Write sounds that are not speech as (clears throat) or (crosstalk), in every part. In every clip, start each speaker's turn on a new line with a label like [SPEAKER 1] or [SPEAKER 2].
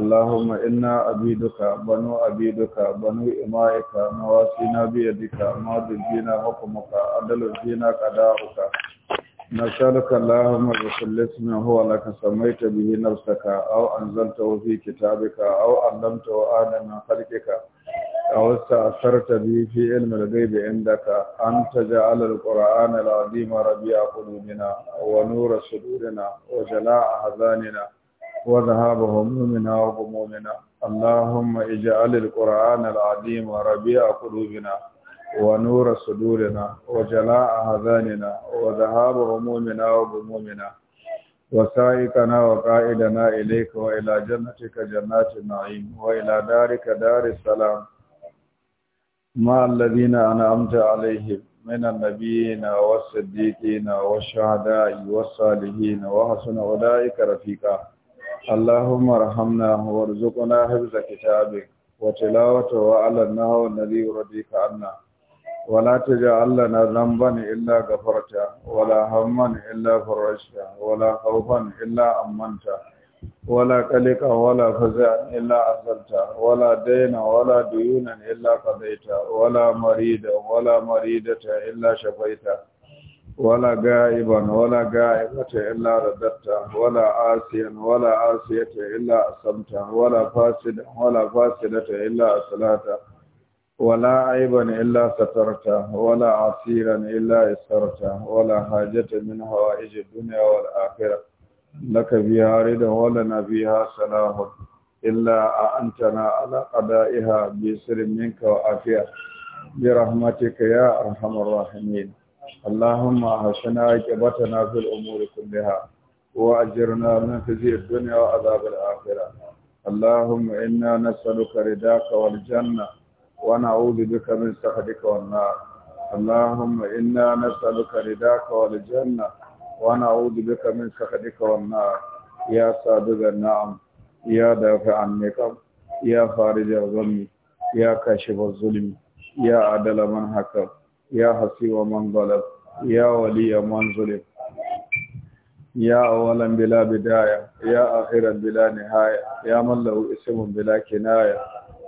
[SPEAKER 1] اللهم إنا عبيدك بنو عبيدك بنو إمائك نواسينا بيدك ماض فينا حكمك عدل فينا قضاؤك نسألك اللهم بكل اسم هو لك سميت به نفسك أو أنزلته في كتابك أو علمته آدم من خلقك أو استأثرت به في علم الغيب عندك أن تجعل القرآن العظيم ربيع قلوبنا ونور صدورنا وجلاء أحزاننا وذهاب همومنا وغمومنا اللهم اجعل القرآن العظيم ربيع قلوبنا ونور صدورنا وجلاء أحزاننا وذهاب همومنا وغمومنا وسائقنا وقائدنا إليك وإلى جنتك جنات النعيم وإلى دارك دار السلام مع الذين أنعمت عليهم من النبيين والصديقين والشهداء والصالحين وحسن أولئك رفيقا اللهم ارحمنا وارزقنا حفظ كتابك وتلاوته على النهو الذي يرضيك عنا ولا تجعل لنا ذنبا إلا غفرتا ولا هما إلا فرجته ولا خوفا إلا أمنته ولا قلقا ولا فزع إلا أرسلته ولا دينا ولا ديونا إلا قضيتا ولا مريدا ولا مريدة إلا شفيتا ولا غائبا ولا غائبة إلا رددته ولا عاسيا ولا عاسية إلا أصمته ولا فاسدا ولا فاسدة إلا أصلاته ولا عيبا إلا سترته ولا عسيرا إلا يسرته ولا حاجة من حوائج الدنيا والآخرة لك فيها رد ولنا فيها سلام إلا أنتنا على قضائها بيسر منك وعافية برحمتك يا أرحم الراحمين اللهم أحسنا عاقبتنا في الأمور كلها وأجرنا من خزي الدنيا وعذاب الآخرة اللهم إنا نسألك رداك والجنة ونعوذ بك من سخطك والنار اللهم إنا نسألك رداك والجنة ونعوذ بك من سخطك والنار يا صادق النعم يا دافع النقم يا خارج الغم يا كاشف الظلم يا عدل من حكم يا حسيب من ظلم يا ولي من ظلم يا أولا بلا بداية يا آخرا بلا نهاية يا من له اسم بلا كناية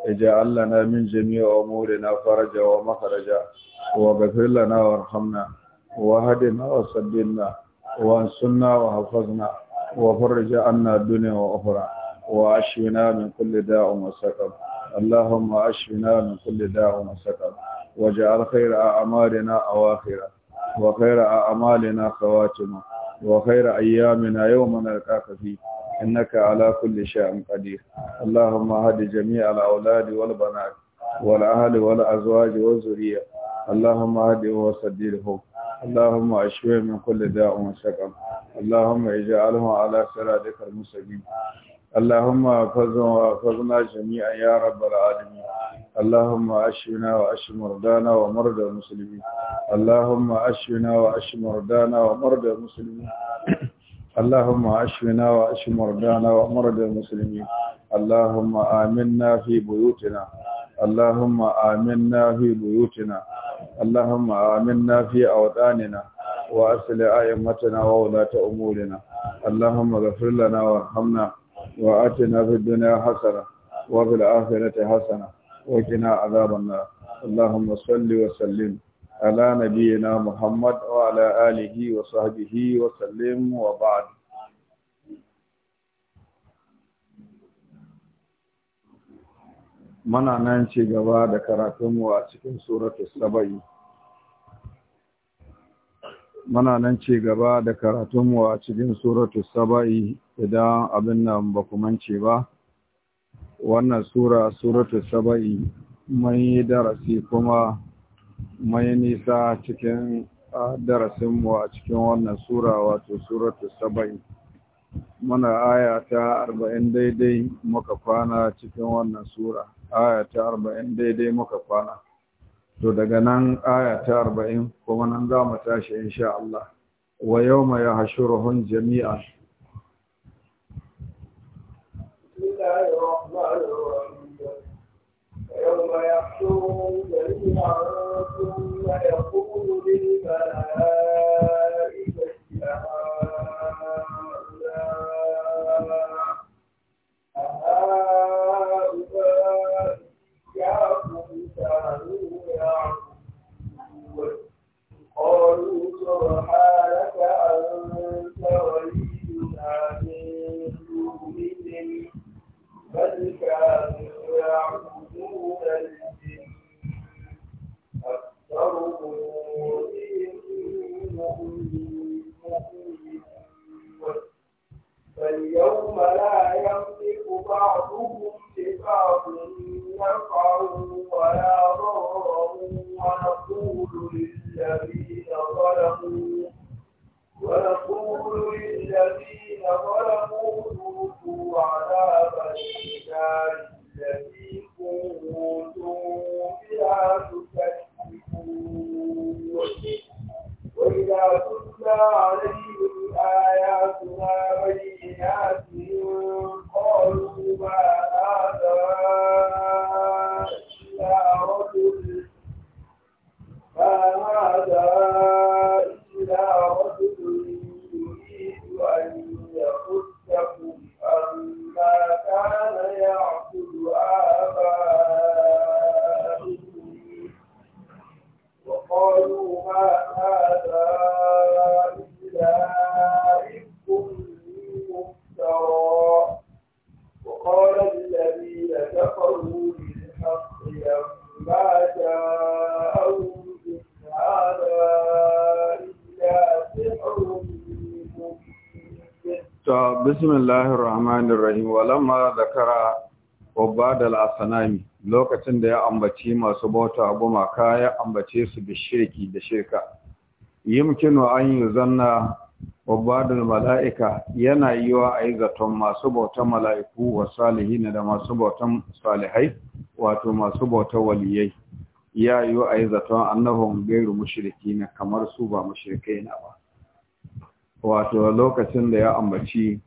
[SPEAKER 1] اجعل لنا من جميع أمورنا فرجا ومخرجا وغفر لنا وارحمنا وهدنا وسددنا وانصرنا وحفظنا وفرج عنا الدنيا وأخرى وأشفنا من كل داء وسقم اللهم أشفنا من كل داء وسقم وجعل خير أعمالنا أواخرا وخير أعمالنا خواتما وخير أيامنا يوم نلقاك فيه إنك على كل شيء قدير اللهم هد جميع الأولاد والبنات والأهل والأزواج والزرية اللهم هدهم وسددهم اللهم أشفهم من كل داء وسقم اللهم اجعلهم على
[SPEAKER 2] صراطك المستقيم
[SPEAKER 1] اللهم فزنا جميعا يا رب العالمين اللهم أشفنا وأشف مرضانا ومرضى المسلمين اللهم أشفنا وأشف مرضانا ومرضى المسلمين اللهم أشفنا وأشف مرضانا ومرضى المسلمين اللهم آمنا في بيوتنا اللهم آمنا في بيوتنا اللهم آمنا في أوطاننا وأصل أئمتنا وولاة أمورنا اللهم اغفر لنا وارحمنا وآتنا في الدنيا حسنة وفي الآخرة حسنة وقنا عذاب النار اللهم صل وسلم على نبينا محمد وعلى آله وصحبه وسلم وبعد Mana nan ci gaba da karatunmu a cikin suratul saba'i. Mana nan ci gaba da karatunmu a cikin suratul saba'i idan abin nan ba ku mance ba wannan sura suratu saba'i mun yi darasi kuma mun yi nisa cikin darasinmu a cikin wannan sura wato suratu saba'i muna aya ta arba'in daidai muka kwana cikin wannan sura aya ta arba'in daidai muka kwana to daga nan aya ta arba'in kuma nan za mu tashi insha Allah wa yau mai hashuruhun jami'a
[SPEAKER 2] الله الرحمن الرحيم ويوم يحشرهم جميعا ثم يقول للملائكة
[SPEAKER 1] lokacin da ya ambaci masu bauta gumaka ya ambace su da shirki da shirka yimkinu an yi zanna ubadul mala'ika yana yiwa a yi zaton masu bautan mala'iku wa salihina da masu bautan salihai wato masu bautan waliyai ya yiwa a yi zaton annahun gairu mashirki na kamar su ba mashirkai na ba wato lokacin da ya ambaci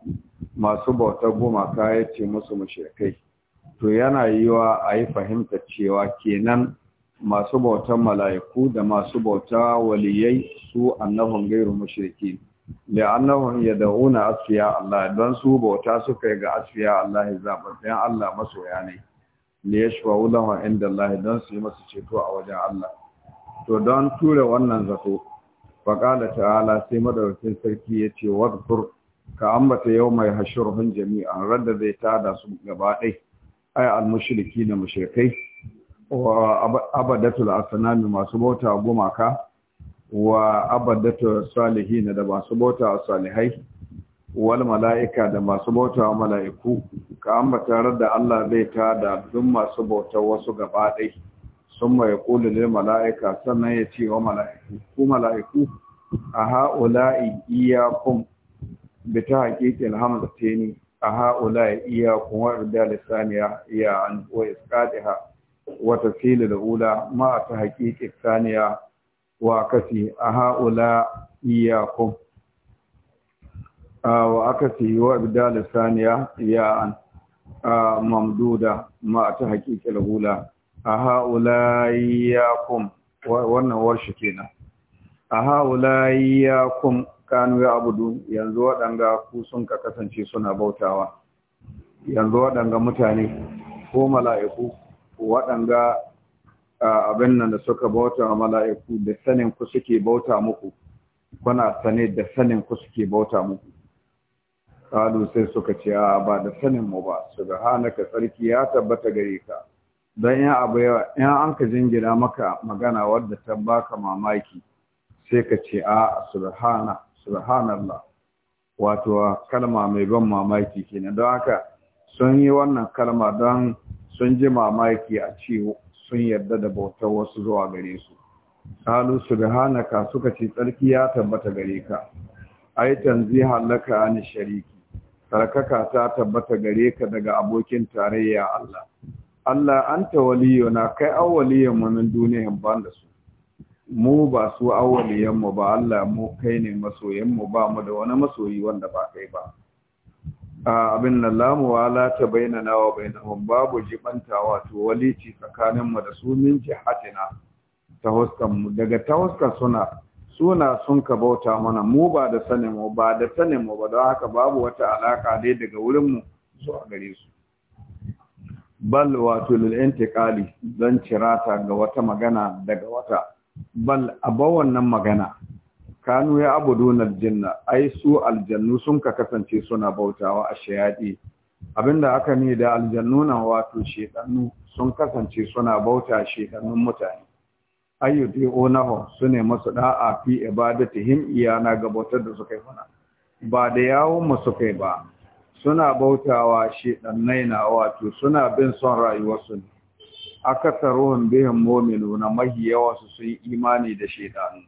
[SPEAKER 1] masu bautar gumaka ya ce musu mashirkai to yana yiwa a yi fahimta cewa kenan masu bautan mala'iku da masu bauta waliyai su annahun gairu mashirki da annahun ya da'una asfiya Allah don su bauta su yi ga asfiya Allah zaɓaɓɓen Allah masoya ne da ya shafa wulawa inda Allah don su yi masu ceto a wajen Allah to don ture wannan zato faƙala ta'ala sai madaukakin sarki ya ce wadkur ka ambata yau mai hashurhun Jami'a. radda zai tada su gaba ɗaya ay al-mushriki na mushrikai wa abadatul asnami masu bauta gumaka wa abadatul salihin da masu bauta salihai wal mala'ika da masu bauta mala'iku ka ambata da Allah zai ta da duk masu bauta wasu gaba ɗai sun mai kula lil mala'ika sannan ya ce wa mala'iku ku mala'iku a ha'ula'i iyakum bi ta haqiqil hamzatini a ha'ula iya kuma irda lisaniya iya an wa iskatiha wata tafsil al-ula ma ta haqiqi saniya wa kasi a ha'ula iya wa akasi wa irda lisaniya iya an mamduda ma ta ula a ha'ula iya wannan warshi kenan a kum kanu ya abudu yanzu waɗanga ku sun ka kasance suna bautawa yanzu waɗanga mutane ko mala'iku waɗanga abin nan da suka bauta wa mala'iku da sanin ku suke bauta muku kuna sane da sanin ku suke bauta muku kalu sai suka ce a ba da sanin mu ba su ga ka tsarki ya tabbata gare ka don 'yan abu yawa in an ka jingina maka magana wadda ta baka mamaki sai ka ce a subhana subhanallah wato kalma mai ban mamaki kenan don haka sun yi wannan kalma don sun ji mamaki a ce sun yarda da bautar wasu zuwa gare su salu subhanaka suka ce tsarki ya tabbata gare ka ai tanziha laka an shariki sarkaka ta tabbata gare ka daga abokin tarayya Allah Allah anta waliyuna kai awwaliyyan mu min duniyan ban da su mu ba su awaliyanmu ba Allah mu kai ne masoyanmu ba mu da wani masoyi wanda ba kai ba abin nan lamu wala ta na wa hum babu jibantawa to walici tsakanin mu da su min jihatina ta huskan mu daga ta huskan suna suna sun ka bauta mana mu ba da sanin mu ba da sanin mu ba don haka babu wata alaka dai daga wurin mu zuwa gare su bal wato lil intiqali dan cirata ga wata magana daga wata bal abau wannan magana kanu ya abuduna aljanna ai su aljannu sun ka kasance suna bautawa a shayadi abinda aka ne da aljannuna na wato shedannu sun kasance suna bauta shedannun mutane ayyudi'unahu sune masu da'a fi ibadatihim iyana ga bautar da suka yi mana ba da yawon masu suka ba suna bautawa shedannai na wato suna bin son rayuwarsu ne biyan bihim na mahi yawa su sun imani da shaidanu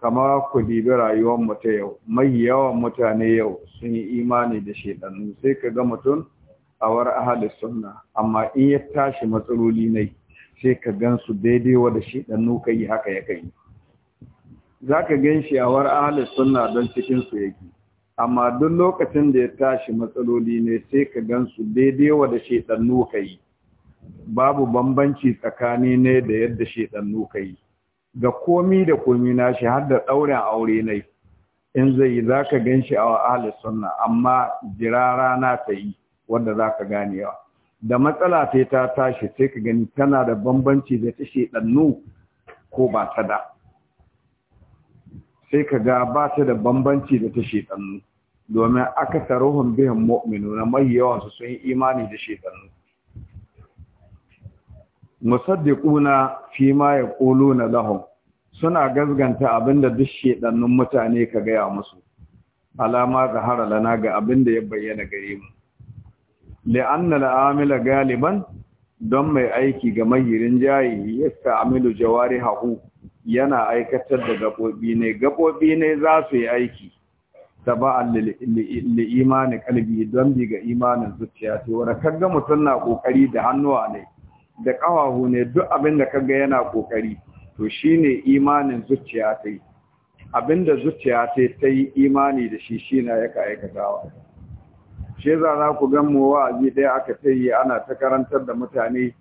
[SPEAKER 1] kama ku dibi rayuwar mu ta yau mahi yawan mutane yau sun yi imani da shaidanu sai ka ga mutum a war ahli sunna amma in ya tashi matsaloli ne sai ka gan su daidai wa da ka yi haka ya kai za ka gan shi a war ahalar suna don cikinsu yake amma duk lokacin da ya tashi matsaloli ne sai ka gan su daidai wa da shaidannu ka yi babu bambanci tsakani ne da yadda shedannu yi. ga komi da komi na shi har da ɗaurin aure ne in zai yi zaka ganshi a ahli sunna amma jira rana ta yi wanda zaka ganewa da matsala ta ta tashi sai ka gani tana da bambanci da ta shedannu ko ba ta da sai ka ga ba ta da bambanci da ta shedannu domin aka taruhun bihin mu'minu na mai su sun yi imani da shedannu musaddiquna fi ma yaquluna lahum suna gazganta abinda duk shedannun mutane ka gaya musu alama zahara lana ga abinda ya bayyana gare mu li'anna al'amila galiban don mai aiki ga mayirin jayi yasta amilu jawarihu yana aikatar da gabobi ne gabobi ne za su yi aiki taba'an liimani imani kalbi don bi ga imanin zuciya to wanda kaga mutun na kokari da hannuwa ne da ƙawahu ne duk abin da kaga yana kokari to shine imanin zuciya ta yi abin da zuciya ta ta yi imani da shi shi na yaka aikatawa shi za za ku gan mu wa'azi ɗaya aka ta ana ta karantar da mutane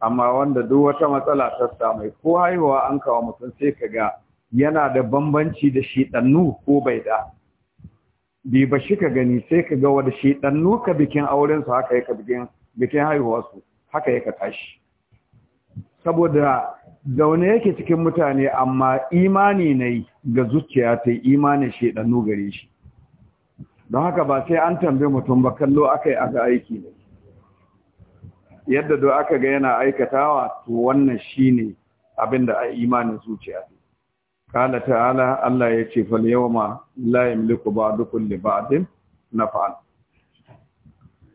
[SPEAKER 1] amma wanda duk wata matsala ta samu ko haihuwa an kawo mutum sai ka yana da bambanci da shi ɗannu ko bai da bi ba shi ka gani sai kaga ga shi ɗannu ka bikin aurensu haka yaka bikin bikin haihuwarsu haka yaka tashi saboda zaune yake cikin mutane amma imani na yi ga zuciya ta imanin shedanu gare shi don haka ba sai an tambe mutum ba kallo aka yi aka aiki ne yadda do aka ga yana aikatawa to wannan shi ne abin da a imanin zuciya kala ta'ala Allah ya ce fal layin liku ba ba'dukum libadin na fa'an.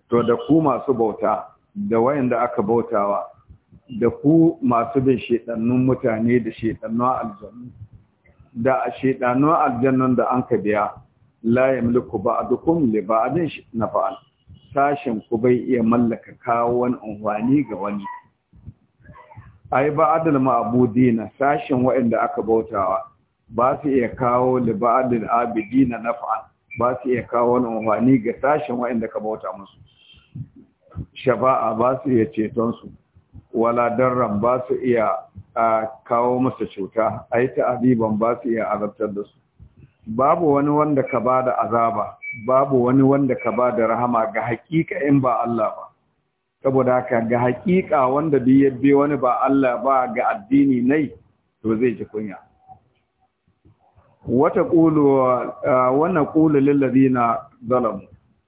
[SPEAKER 1] to da ku masu bauta da wayanda aka bautawa da ku masu bin shedannun mutane da shedannun aljannu da a shedannun aljannun da an ka biya la yamliku ba'dukum li ba'din nafa'an tashin ku bai iya mallaka kawo wani unwani ga wani ai ba'dul ma'budina tashin waɗanda aka bautawa ba su iya kawo li ba'dil abidina nafa'an ba su iya kawo wani unwani ga tashin waɗanda ka bauta musu shafa'a ba su iya ceton su wala darran ba su iya kawo masa cuta ai abiban ba su iya azabtar da su babu wani wanda ka ba da azaba babu wani wanda ka ba da rahama ga hakika in ba Allah ba saboda haka ga hakika wanda bi yabbe wani ba Allah ba ga addini nai to zai ji kunya wata qulu wa na zalamu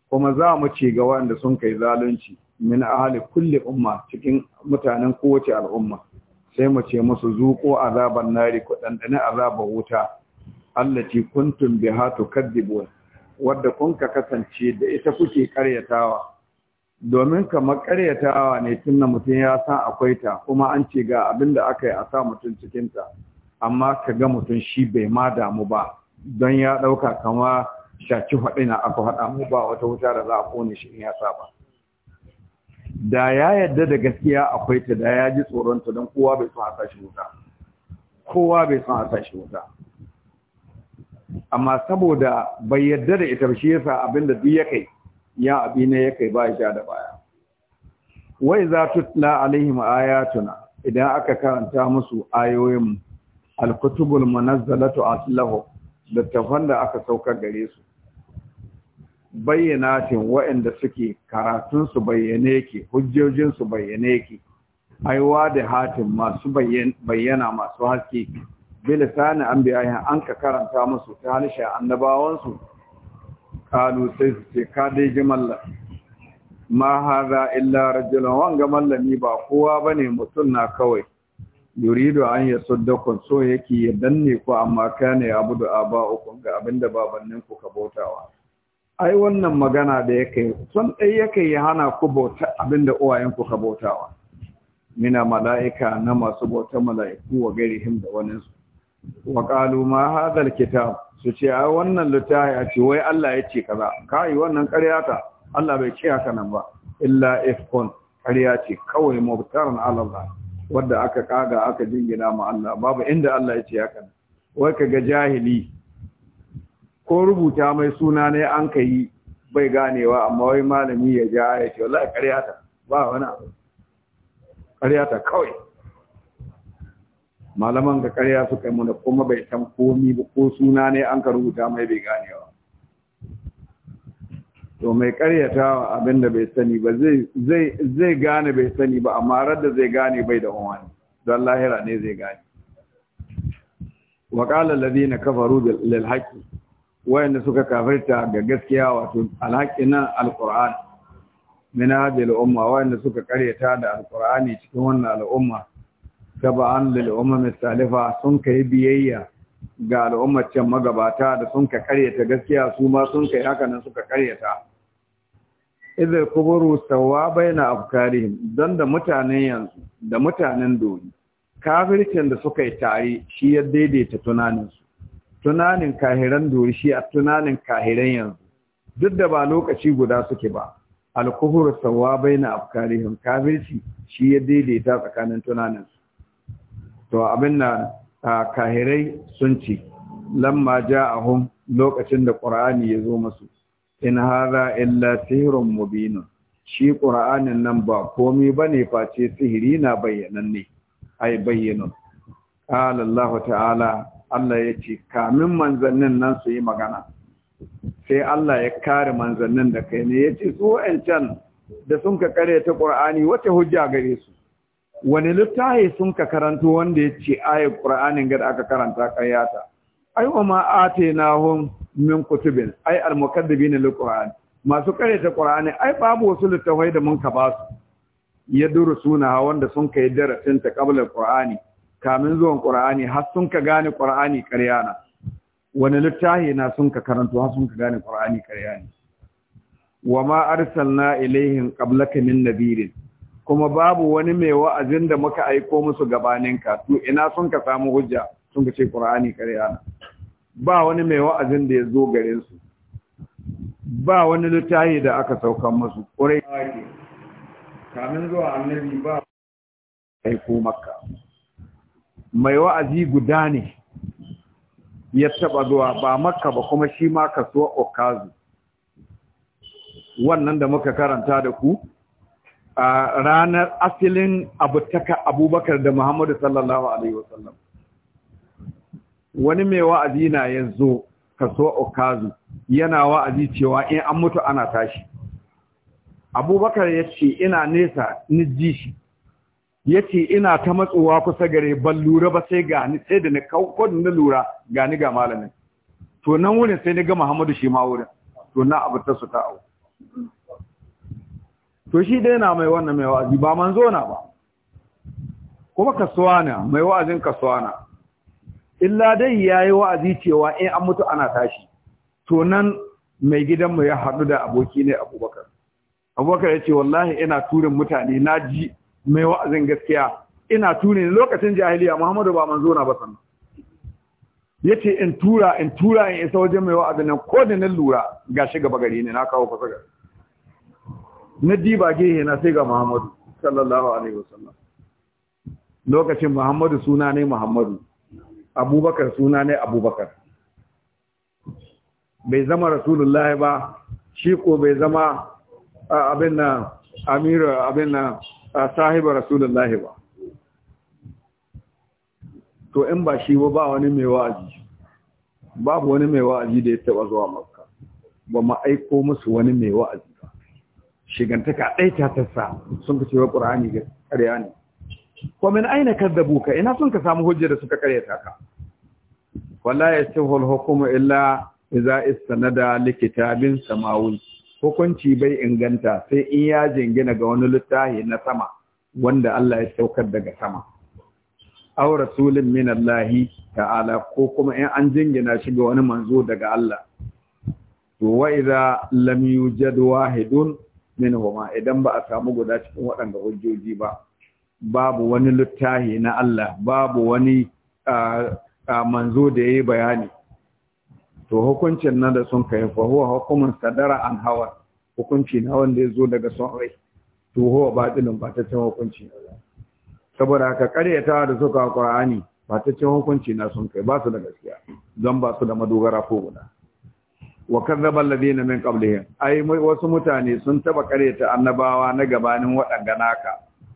[SPEAKER 1] kuma za mu ci ga wanda sun kai zalunci min ahli kulle umma cikin mutanen kowace al'umma sai mu ce musu zuko azaban nari ku dandane azaba wuta allati kuntum biha tukadibun wadda kun ka kasance da ita kuke karyatawa domin kama karyatawa ne tunna mutum ya san akwai ta kuma an ce ga abin da aka yi a sa mutum cikin ta amma ka ga mutum shi bai ma damu ba don ya dauka kama shaki hadina aka faɗa mu ba wata wuta da za a kone shi in ya ba. da ya yadda da gaskiya akwai ta da ya ji tsoronta don kowa bai son a wuta kowa bai son a wuta amma saboda bai yadda da ita shi yasa abinda duk ya kai ya abi ne ya kai ba ya sha da baya wai za tutla alaihim ayatuna idan aka karanta musu ayoyin alkutubul munazzalatu aslahu tafan da aka saukar gare su bayyanatin waɗanda suke karatunsu bayyane yake hujjojinsu bayyane yake aiwa da hatin masu bayyana masu haske bilisani an biya an ka karanta musu ta halisha annabawansu kalu sai su ce ka dai ji mallam ma haza illa rajulan wanga mallami ba kowa bane mutum na kawai yurido an ya saddakon so yake ya danne ku amma kana ya abudu aba uku, ga abinda babannin ku ka bautawa ai wannan magana da ya kai son ɗai ya ya hana ku bauta abinda uwayenku ka bautawa mina mala'ika na masu bauta mala'iku wa garihim da su wa ƙalu ma hadal kitab su ce ai wannan littafi a ce wai Allah ya ce kaza kai wannan ƙarya ta Allah bai ce haka nan ba illa ifkun ƙarya ce kawai mubtaran Allah wanda aka kaga aka jingina ma Allah babu inda Allah ya ce haka wai kaga jahili ko rubuta mai suna ne an ka yi bai ganewa amma wai malami ya ja ya ce wallahi ƙaryata ba wani abu ƙaryata kawai malaman ka ƙarya suka yi muna kuma bai san komi ba ko suna ne an ka rubuta mai bai ganewa to mai ƙaryata abin da bai sani ba zai gane bai sani ba amma radda zai gane bai da wani don lahira ne zai gane وقال الذين كفروا للحق wayanda suka kafirta ga gaskiya wato alhakinan alquran min hadhihi al'umma wayanda suka karyata da alqurani cikin wannan al'umma taba'an lil umam salifa sun kai biyayya ga al'ummar can magabata da sun ka karyata gaskiya su ma sun kai haka nan suka karyata idza kuburu sawa baina afkarihim don da mutanen yanzu da mutanen dori kafircin da suka yi tare shi ya daidaita tunaninsu tunanin kahiran dori a tunanin kahiran yanzu duk da ba lokaci guda suke ba alkuhur sawa baina afkarihim kafirci shi ya daidaita tsakanin tunanin su to abin na kahirai sun ce lamma ja'ahum lokacin da qur'ani ya zo musu in hadha illa sihrun mubinun shi qur'anin nan ba komai bane face sihiri na bayyananne ai bayyanun qala ta'ala Allah ya ce kamin manzannin nan su yi magana sai Allah ya kare manzannin da kai ne ya ce su wa'ancan da sun ka kare ta ƙur'ani wata hujja gare su wani littafi sun ka karanto wanda ya ce aya ƙur'anin gada aka karanta ƙaryata ai wa ma atainahum min kutubin ai biyu na lil masu kare ta ƙur'ani ai babu wasu littafai da mun ka ba su ya duru suna wanda sun kai darasin ta ƙabalar ƙur'ani kamin zuwan ƙura'ani har sun ka gane ƙura'ani ƙarya na wani littafi na sun ka karanto har sun ka gane ƙura'ani ƙarya ne wa ma arsalna ilaihim qablaka min nabirin kuma babu wani mai wa'azin da muka aiko musu gabanin ka to ina sun ka samu hujja sun ka ce ƙura'ani ƙarya na ba wani mai wa'azin da ya zo gare su ba wani littafi da aka saukan musu ƙurai kamin zuwa annabi ba aiko makka mai wa'azi guda ne ya taɓa zuwa ba maka ba kuma shi ma kasuwa okazu wannan da muka karanta da ku a ranar asilin abubakar da muhammadu sallallahu alaihi wasallam wani mai wa'azi na ya zo kasuwa okazu yana wa'azi cewa in an mutu ana tashi abubakar ya ce ina nesa ni ji shi ya ce ina ta matsowa kusa gare ban lura ba sai gani sai da na kawon na lura gani ga malamin to nan wurin sai ni ga muhammadu shi ma wurin to na abu ta su ta au to shi dai na mai wannan mai wa'azi ba zo na ba kuma kasuwa na mai wa'azin kasuwa na illa dai yayi wa'azi cewa in an mutu ana tashi to nan mai gidanmu ya haɗu da aboki ne abubakar abubakar ya ce wallahi ina turin mutane na ji mai wa'azin gaskiya ina ture ne lokacin jahiliya Muhammadu ba manzo na ba san yace in tura in tura in isa wajen mai wa'azin nan ko da nan lura gashi gaba gari ne na kawo fasa gari na diba gehe na sai ga Muhammadu sallallahu alaihi wasallam lokacin Muhammadu suna ne Muhammadu Abubakar suna ne Abubakar bai zama rasulullahi ba shi ko bai zama abin nan amira abin nan a sahiba rasulullahi ba to in ba shi ba wani mai wa'azi babu wani mai wa'azi da ya taba zuwa makka ba ma aiko musu wani mai wa'azi ba shigantaka ɗai ta tassa sun ka cewa ƙur'ani ga ƙarya ne ko min aina kaddabu ka ina sun ka samu hujja da suka ƙaryata ka wallahi yasihul hukmu illa iza istanada likitabin kitabin samawi hukunci bai inganta sai in ya jingina ga wani littafi na sama wanda Allah ya saukar daga sama aw rasulin min Allah ta'ala ko kuma in an jingina shi ga wani manzo daga Allah to wa idza lam yujad wahidun minhuma idan ba a samu guda cikin waɗanda hujjoji ba babu wani littafi na Allah babu wani ah, ah, manzo da yayi bayani to hukuncin nan da sun kai fa huwa hukumun sadara an hawa hukunci na wanda ya zo daga son rai to huwa batilun ba ta cin hukunci saboda haka karyatawa da suka qur'ani ba ta cin hukunci na sun kai ba su da gaskiya don ba su da madogara ko guda wa kadzaba alladhina min qablihim ai wasu mutane sun taba karyata annabawa na gabanin waɗanga naka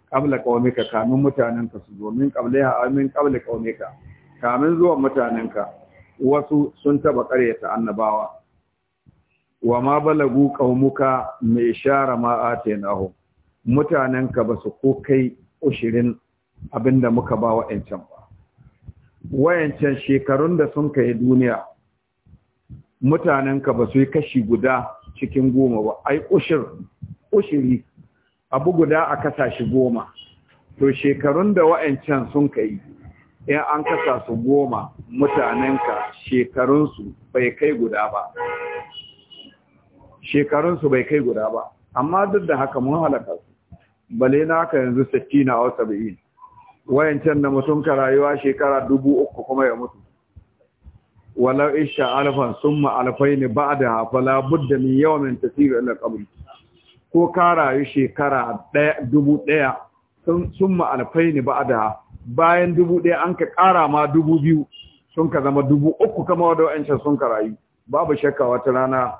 [SPEAKER 1] qabla qaumika kamin mutanen ka su zo min qabliha ay min qabli qaumika kamin zuwan mutanen ka wasu sun taba ta annabawa wa ma balagu qaumuka mai shara ma atainahum mutanenka ba su ko kai ushirin abinda muka ba wa'ancan ba wayancan shekarun da sun kai duniya mutanenka ba su yi kashi guda cikin goma ba ai ushir ushiri abu guda a kasashi goma to shekarun da wa'ancan sun kai ya an kasa su goma mutanenka shekarunsu bai kai guda ba shekarunsu bai kai guda ba amma duk da haka mun halaka su bale na haka yanzu 60 na wasu 70 wayancan na mutum ka rayuwa shekara dubu uku kuma ya mutu walau isha alfan summa alfaini da fala budda min yawmin tasiru ila qabri ko ka rayu shekara dubu ɗaya sun ba da hafa bayan dubu ɗaya an ka ƙara ma dubu biyu sun ka zama dubu uku kama wadda wa'ancan sun ka rayu babu shakka wata rana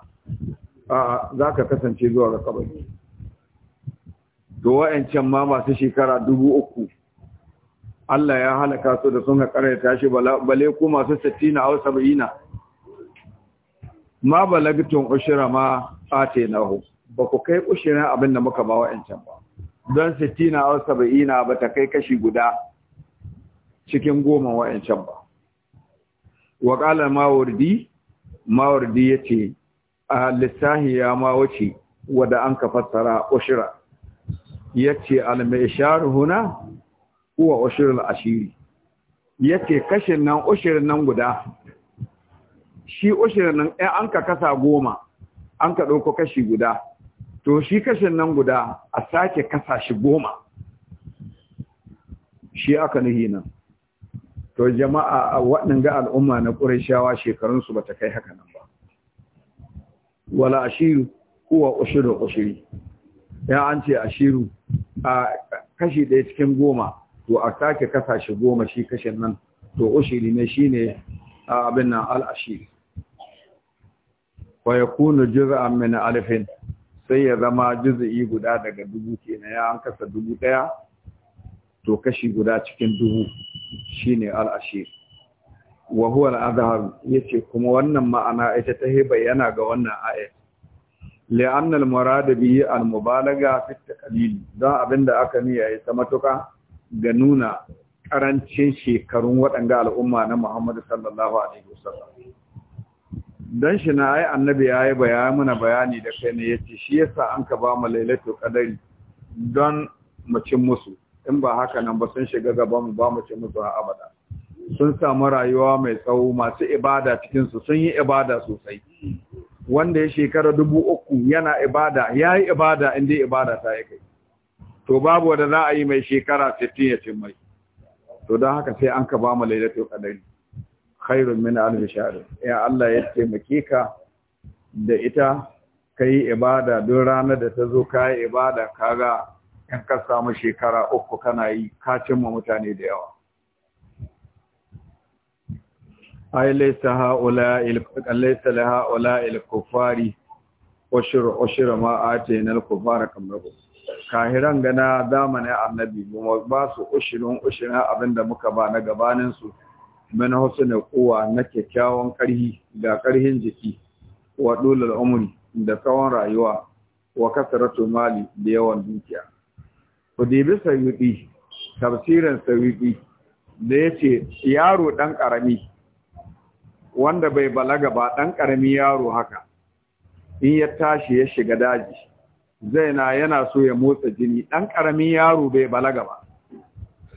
[SPEAKER 1] za ka kasance zuwa ga kabari to wa'ancan ma masu shekara dubu uku Allah ya halaka su da sun ka ƙarata tashi bale ko masu sittina a saba'ina ma balagtun ushira ma n'ahu. ba ku kai ushira abin da muka ba wa'ancan ba don sittina a saba'ina ba ta kai kashi guda cikin goma wa'ancan ba wa qala mawardi mawardi ce, a lissahi ya ma wuce wanda an ka fassara Ya ce, al-mishar huna huwa ushirin ashiri ce, kashin nan ushirin nan guda shi ushirin nan ɗaya an ka kasa goma an ka ɗauko kashi guda to shi kashin nan guda a sake kasa shi goma shi aka nuhi nan to jama'a waɗanda al'umma na ƙurashawa shekarunsu ba ta kai haka nan ba wala ashiru kuwa ushiru ushiri ya an ce ashiru a kashi ɗaya cikin goma to a sake kasashe goma shi kashin nan to ushiri ne shi ne a abin nan al'ashiri wa ya kunu juz'an min alifin sai ya zama juz'i guda daga dubu kenan ya an kasa dubu ɗaya to kashi guda cikin dubu shine al'ashir wa huwa yace kuma wannan ma'ana ita ta bayyana ga wannan ayat muradabi al-murad bi al-mubalaga fi taqlil da abinda aka niyya ya matuka ga nuna karancin shekarun waɗanga al'umma na Muhammadu sallallahu alaihi
[SPEAKER 3] wasallam
[SPEAKER 1] dan shi na ai annabi yayi bayani muna bayani da kai ne yace shi yasa an ka ba mu lailatul qadari don mu cin musu in ba haka nan ba sun shiga gaba mu ba mu ce musu abada sun samu rayuwa mai tsawo masu ibada cikin su sun yi ibada sosai wanda ya shekara dubu uku yana ibada ya yi ibada inda ibada ta yi kai to babu wanda za a yi mai shekara 60 ya cin mai to don haka sai an ka ba mu lailatul qadari khairun min al-bishar ya Allah ya taimake ka da ita kai ibada don ranar da ta zo kai ibada kaga in ka samu shekara uku kana yi ka cimma mutane da yawa ai laysa haula laysa haula ma kahiran gana zamanin annabi ba su ushirin ushirin abinda muka ba na gabanin su min ne na kyakkyawan karhi da karhin jiki wa dulul umri da tsawon rayuwa wa kasaratu mali da yawan dukiya ku dibi sayuɗi tafsirin sayuɗi da ya ce yaro ɗan ƙarami wanda bai balaga ba ɗan ƙarami yaro haka in ya tashi ya shiga daji zai na yana so ya motsa jini ɗan ƙaramin yaro bai balaga ba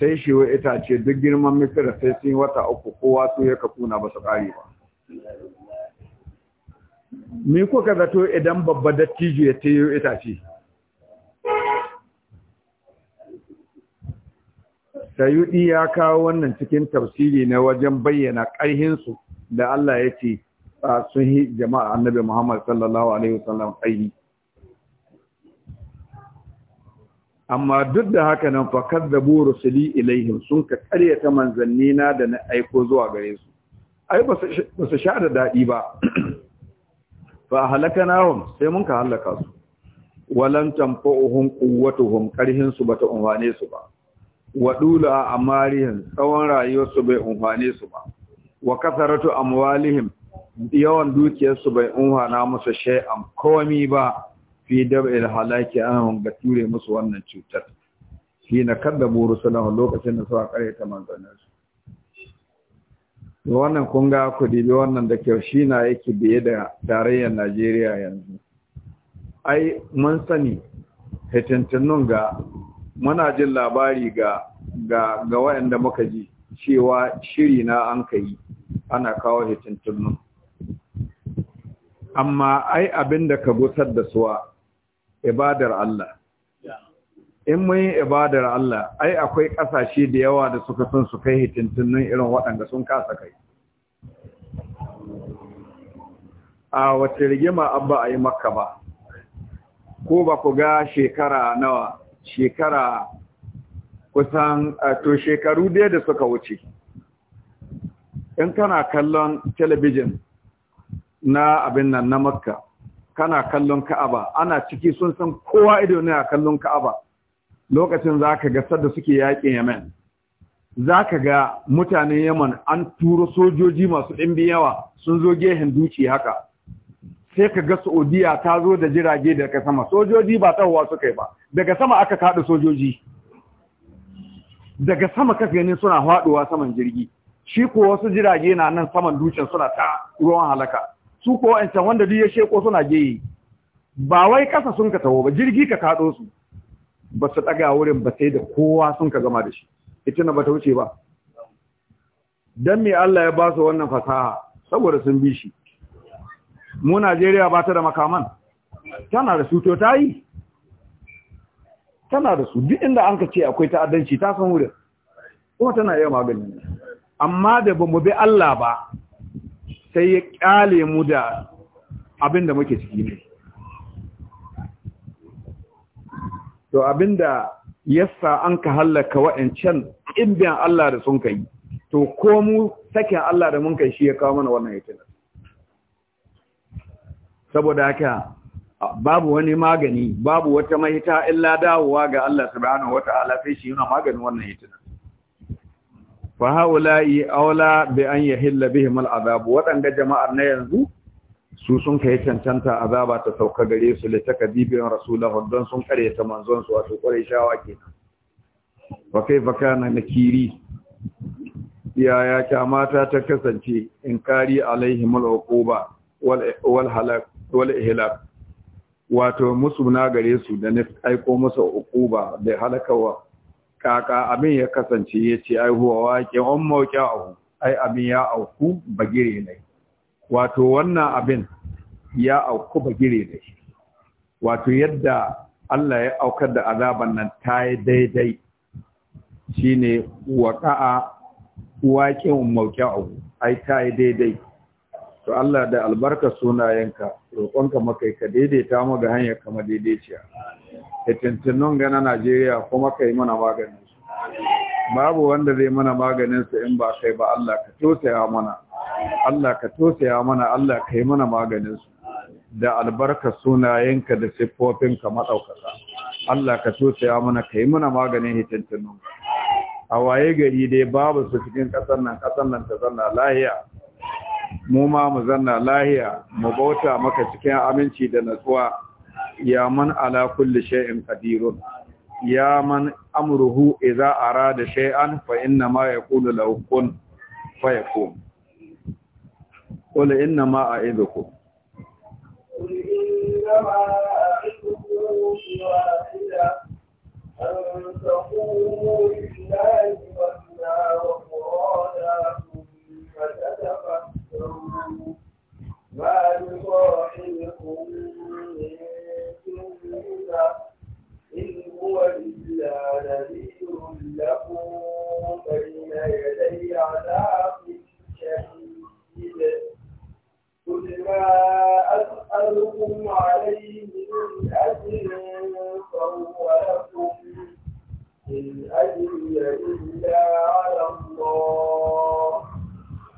[SPEAKER 1] sai shi wa itace duk girman misira sai sun wata uku kowa su ya ka kuna ba su kare ba me kuka zato idan babba dattijo ya ta yi itace sayudi ya kawo wannan cikin tafsiri na wajen bayyana ƙarhinsu da Allah ya ce sun yi jama'a annabi Muhammad sallallahu alaihi wasallam amma duk da haka nan fa kadzabu rusuli ilaihim sun ka ƙaryata manzanni na da na aiko zuwa gare su ai ba su sha da daɗi ba (clears throat) fa halakanahum sai mun ka halaka su walan tanfa'uhum quwwatuhum ƙarhin su bata umfane su ba Waɗula a marihin tsawon rayuwarsu bai umfane su ba wa kasaratu amwalihim yawan dukiyarsu bai umfana musu shay'an komi ba fi dab'il halaki ana ga ture musu wannan cutar shi na kaddabu rusulahu lokacin da suka kare ta manzanarsu wannan kunga ga ku dibi wannan da kyau shi na yake biye da tarayyar Najeriya yanzu ai mun sani fitintunun ga muna jin labari ga ga ga waɗanda muka ji cewa shiri na an kai ana kawo hitintunan amma ai abin da ka gusar da suwa ibadar Allah in mun yi ibadar Allah ai akwai ƙasashe da yawa da suka san su kai hitintunan irin waɗanda sun kasa kai a wace rigima abba a yi makka ba ko ba ku ga shekara nawa shekara kusan eh, to shekaru ɗaya da suka wuce in kana kallon talabijin na abin nan na makka kana kallon ka'aba ana ciki sun san kowa ido ne a kallon ka'aba lokacin za ka ga sadda suke yaƙin yemen za ka ga mutanen yemen an turo sojoji masu ɗimbi yawa sun zo gehen duci haka sai ka ga Saudiya ta zo da jirage daga sama sojoji ba tahowa suka yi ba daga sama aka kaɗa sojoji daga sama ka ganin suna haɗuwa saman jirgi shi ko wasu jirage na nan saman dutsen suna ta ruwan halaka su ko wancan wanda duk ya sheko suna geye ba wai ƙasa sun ka taho ba jirgi ka kaɗo su ba su ɗaga wurin ba sai da kowa sun ka gama da shi ita na ba ta wuce ba don me Allah ya ba su wannan fasaha saboda sun bi shi mu Najeriya ba ta da makaman tana da su to ta yi tana da su duk inda an ka ce akwai ta'addanci ta san wurin kuma tana iya magani amma da ba mu bi Allah ba sai ya kyale mu da abin da muke ciki ne to abin da yasa an ka hallaka wa'ancan in biyan Allah da sun kai to ko mu sakin Allah da mun kai shi ya kawo mana wannan yakin saboda haka babu wani magani babu wata mahita illa dawowa ga Allah subhanahu wata'ala sai shi yana maganin wannan hitina fa haula'i aula bi an yahilla bihim al'azab waɗanda jama'ar na yanzu su sun kai cancanta azaba ta sauka gare su li takdibin rasulahu don sun kare ta manzon su wato qurayshawa kenan fa kaifa kana nakiri yaya kamata ta kasance in kari alaihim al'uquba wal halak dole ihlak wato musu na gare su da na aiko masa ukuba da halakawa kaka abin ya kasance ya ce ai huwa waƙe on um, ai abin ya auku bagire ne wato wannan abin ya auku bagire ne wato yadda Allah ya aukar da azaban nan ta yi daidai shine waƙa'a waƙe on um, mauƙi ahu ai ta yi daidai to Allah da albarka sunayenka roƙonka makai ka daidaita mu da hanyar kama daidaiciya fitintunan ga na Najeriya kuma kai mana maganin su babu wanda zai mana maganin su in ba kai ba Allah ka tosaya mana Allah ka tosaya mana Allah ka yi mana maganin su da albarka sunayenka da siffofinka maɗaukaka Allah ka tosaya mana ka yi mana maganin fitintunan a waye gari dai babu su cikin ƙasar nan ƙasar nan ta zanna lahiya mu ma mu zanna lahiya mu bauta maka cikin aminci da natsuwa ya man ala kulli shay'in qadirun ya man amruhu idza arada shay'an fa inna ma yaqulu lahu kun fayakun qul inna ma a'idukum qul inna ma a'idukum wa'ida an taqumu lillahi wa inna wa
[SPEAKER 2] qurana ثم تتفكر ما لصاحبكم إن هو إلا نذير لكم بين يدي عذاب شديد قل ما أسألكم عليه من أجر فهو لكم إن أجري إلا على الله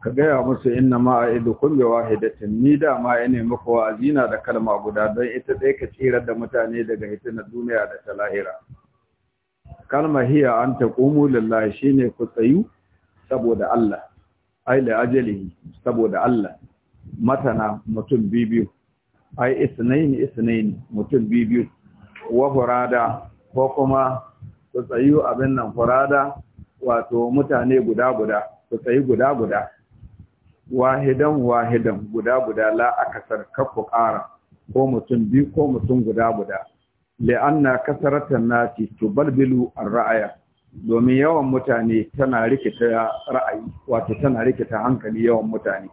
[SPEAKER 1] ka gaya musu inna ma a idu kun bi wahidatin ni da ma ya nemi ku wa'azina da kalma guda don ita ɗaya ka tsira da mutane daga hitinar duniya da ta lahira kalma hiya an ta taqumu shi shine ku tsayu saboda Allah ai da ajalihi saboda Allah matana mutum bibiyu ai isnaini isnaini mutum bibiyu wa furada ko kuma ku tsayu abin nan furada wato mutane guda guda ku tsayi guda guda wahidan wahidan guda guda la akasar kafu ƙara ko mutum biyu ko mutum guda guda li'anna kasaratan nasi tubalbilu ar-ra'aya domin yawan mutane tana rikita ra'ayi wato tana rikita hankali yawan mutane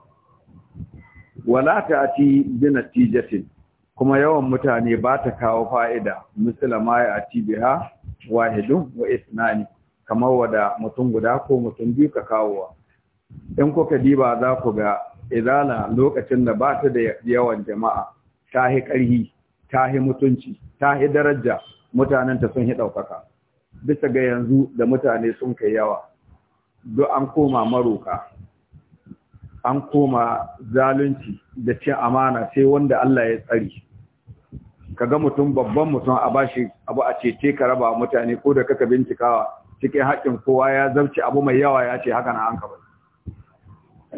[SPEAKER 1] wala ta'ati bi natijatin kuma yawan mutane ba ta kawo fa'ida misala ma ati biha wahidun wa ithnani kamar wada mutum guda ko mutum biyu ka kawowa in kuka diba za ku ga izala lokacin da ba ta da yawan jama'a ta yi ƙarhi ta yi mutunci ta yi daraja mutanen ta sun yi ɗaukaka bisa ga yanzu da mutane sun kai yawa duk an koma maroka an koma zalunci da cin amana sai wanda Allah ya tsari kaga mutum babban mutum a bashi abu a ce ka raba mutane ko da kaka bincikawa cikin haƙƙin kowa ya zarce abu mai yawa ya ce haka na an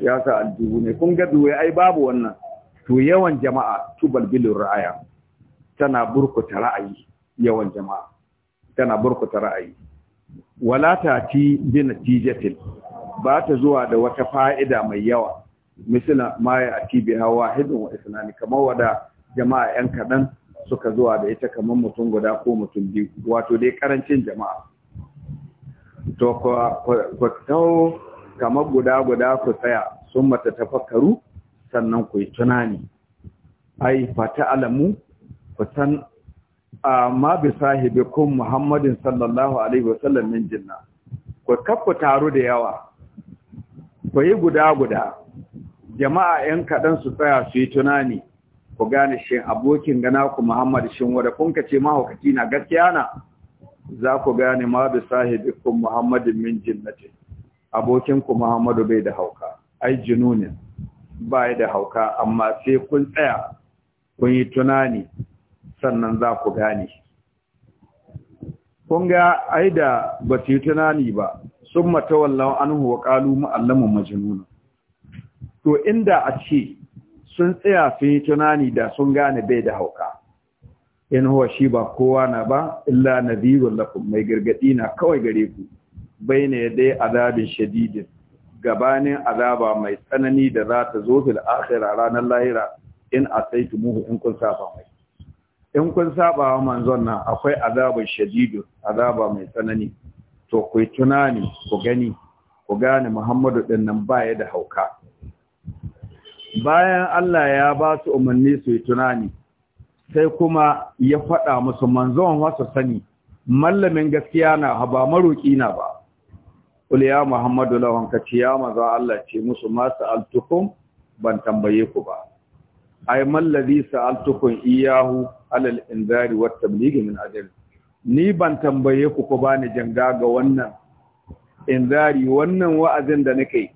[SPEAKER 1] ya sa aljihu ne kun ga duwe ai babu wannan to yawan jama'a tubal bilin ra'aya tana burkuta ra'ayi yawan jama'a tana burkuta ra'ayi wala ta ti bi natijatin ba ta zuwa da wata fa'ida mai yawa misala ma ya ati bi hawa hidin wa isnani kamar wada jama'a yan kadan suka zuwa da ita kamar mutum guda ko mutum biyu wato dai karancin jama'a to ko ko kamar guda guda ku tsaya sun mata tafakkaru sannan ku yi tunani ai fata alamu ku san ma bi kun muhammadin sallallahu alaihi wasallam min jinna ku kafa taro da yawa ku yi guda guda jama'a yan kaɗan su tsaya su yi tunani ku gane shi abokin gana ku muhammad shin wanda kun ka ce mahaukaci na gaskiya na za ku gane ma bi kun muhammadin min ce. Abokin ku Muhammadu bai da hauka ai jinunin bai da hauka amma sai kun tsaya kun yi tunani sannan za ku gane kun ga ai da ba su yi tunani ba sun mata matawallan anhu wa qalu mu'allamun majnun to inda a ce sun tsaya sun yi tunani da sun gane bai da hauka in huwa shi ba kowa na ba illa nadhirun lakum mai gargadi na kawai gare ku bai ne dai azabin shadidin gabanin azaba mai tsanani da za ta zo fil akhira ranar lahira in asaitumuhu in kun saba mai in kun saba wa manzon nan akwai azabin shadidin azaba mai tsanani to ku tunani ku gani ku gane Muhammadu din nan baya da hauka bayan Allah ya ba su umarni su yi tunani sai kuma ya faɗa musu manzon wasu sani mallamin gaskiya na ba maroƙi na ba Kul ya Muhammadu lawan ka ce ya maza Allah ce musu ma sa'altukum ban tambaye ku ba. Ai sa sa'altukum iyahu alal inzari wa tabligi min ajali. Ni ban tambaye ku ko ba ni janga ga wannan inzari wannan wa'azin da nake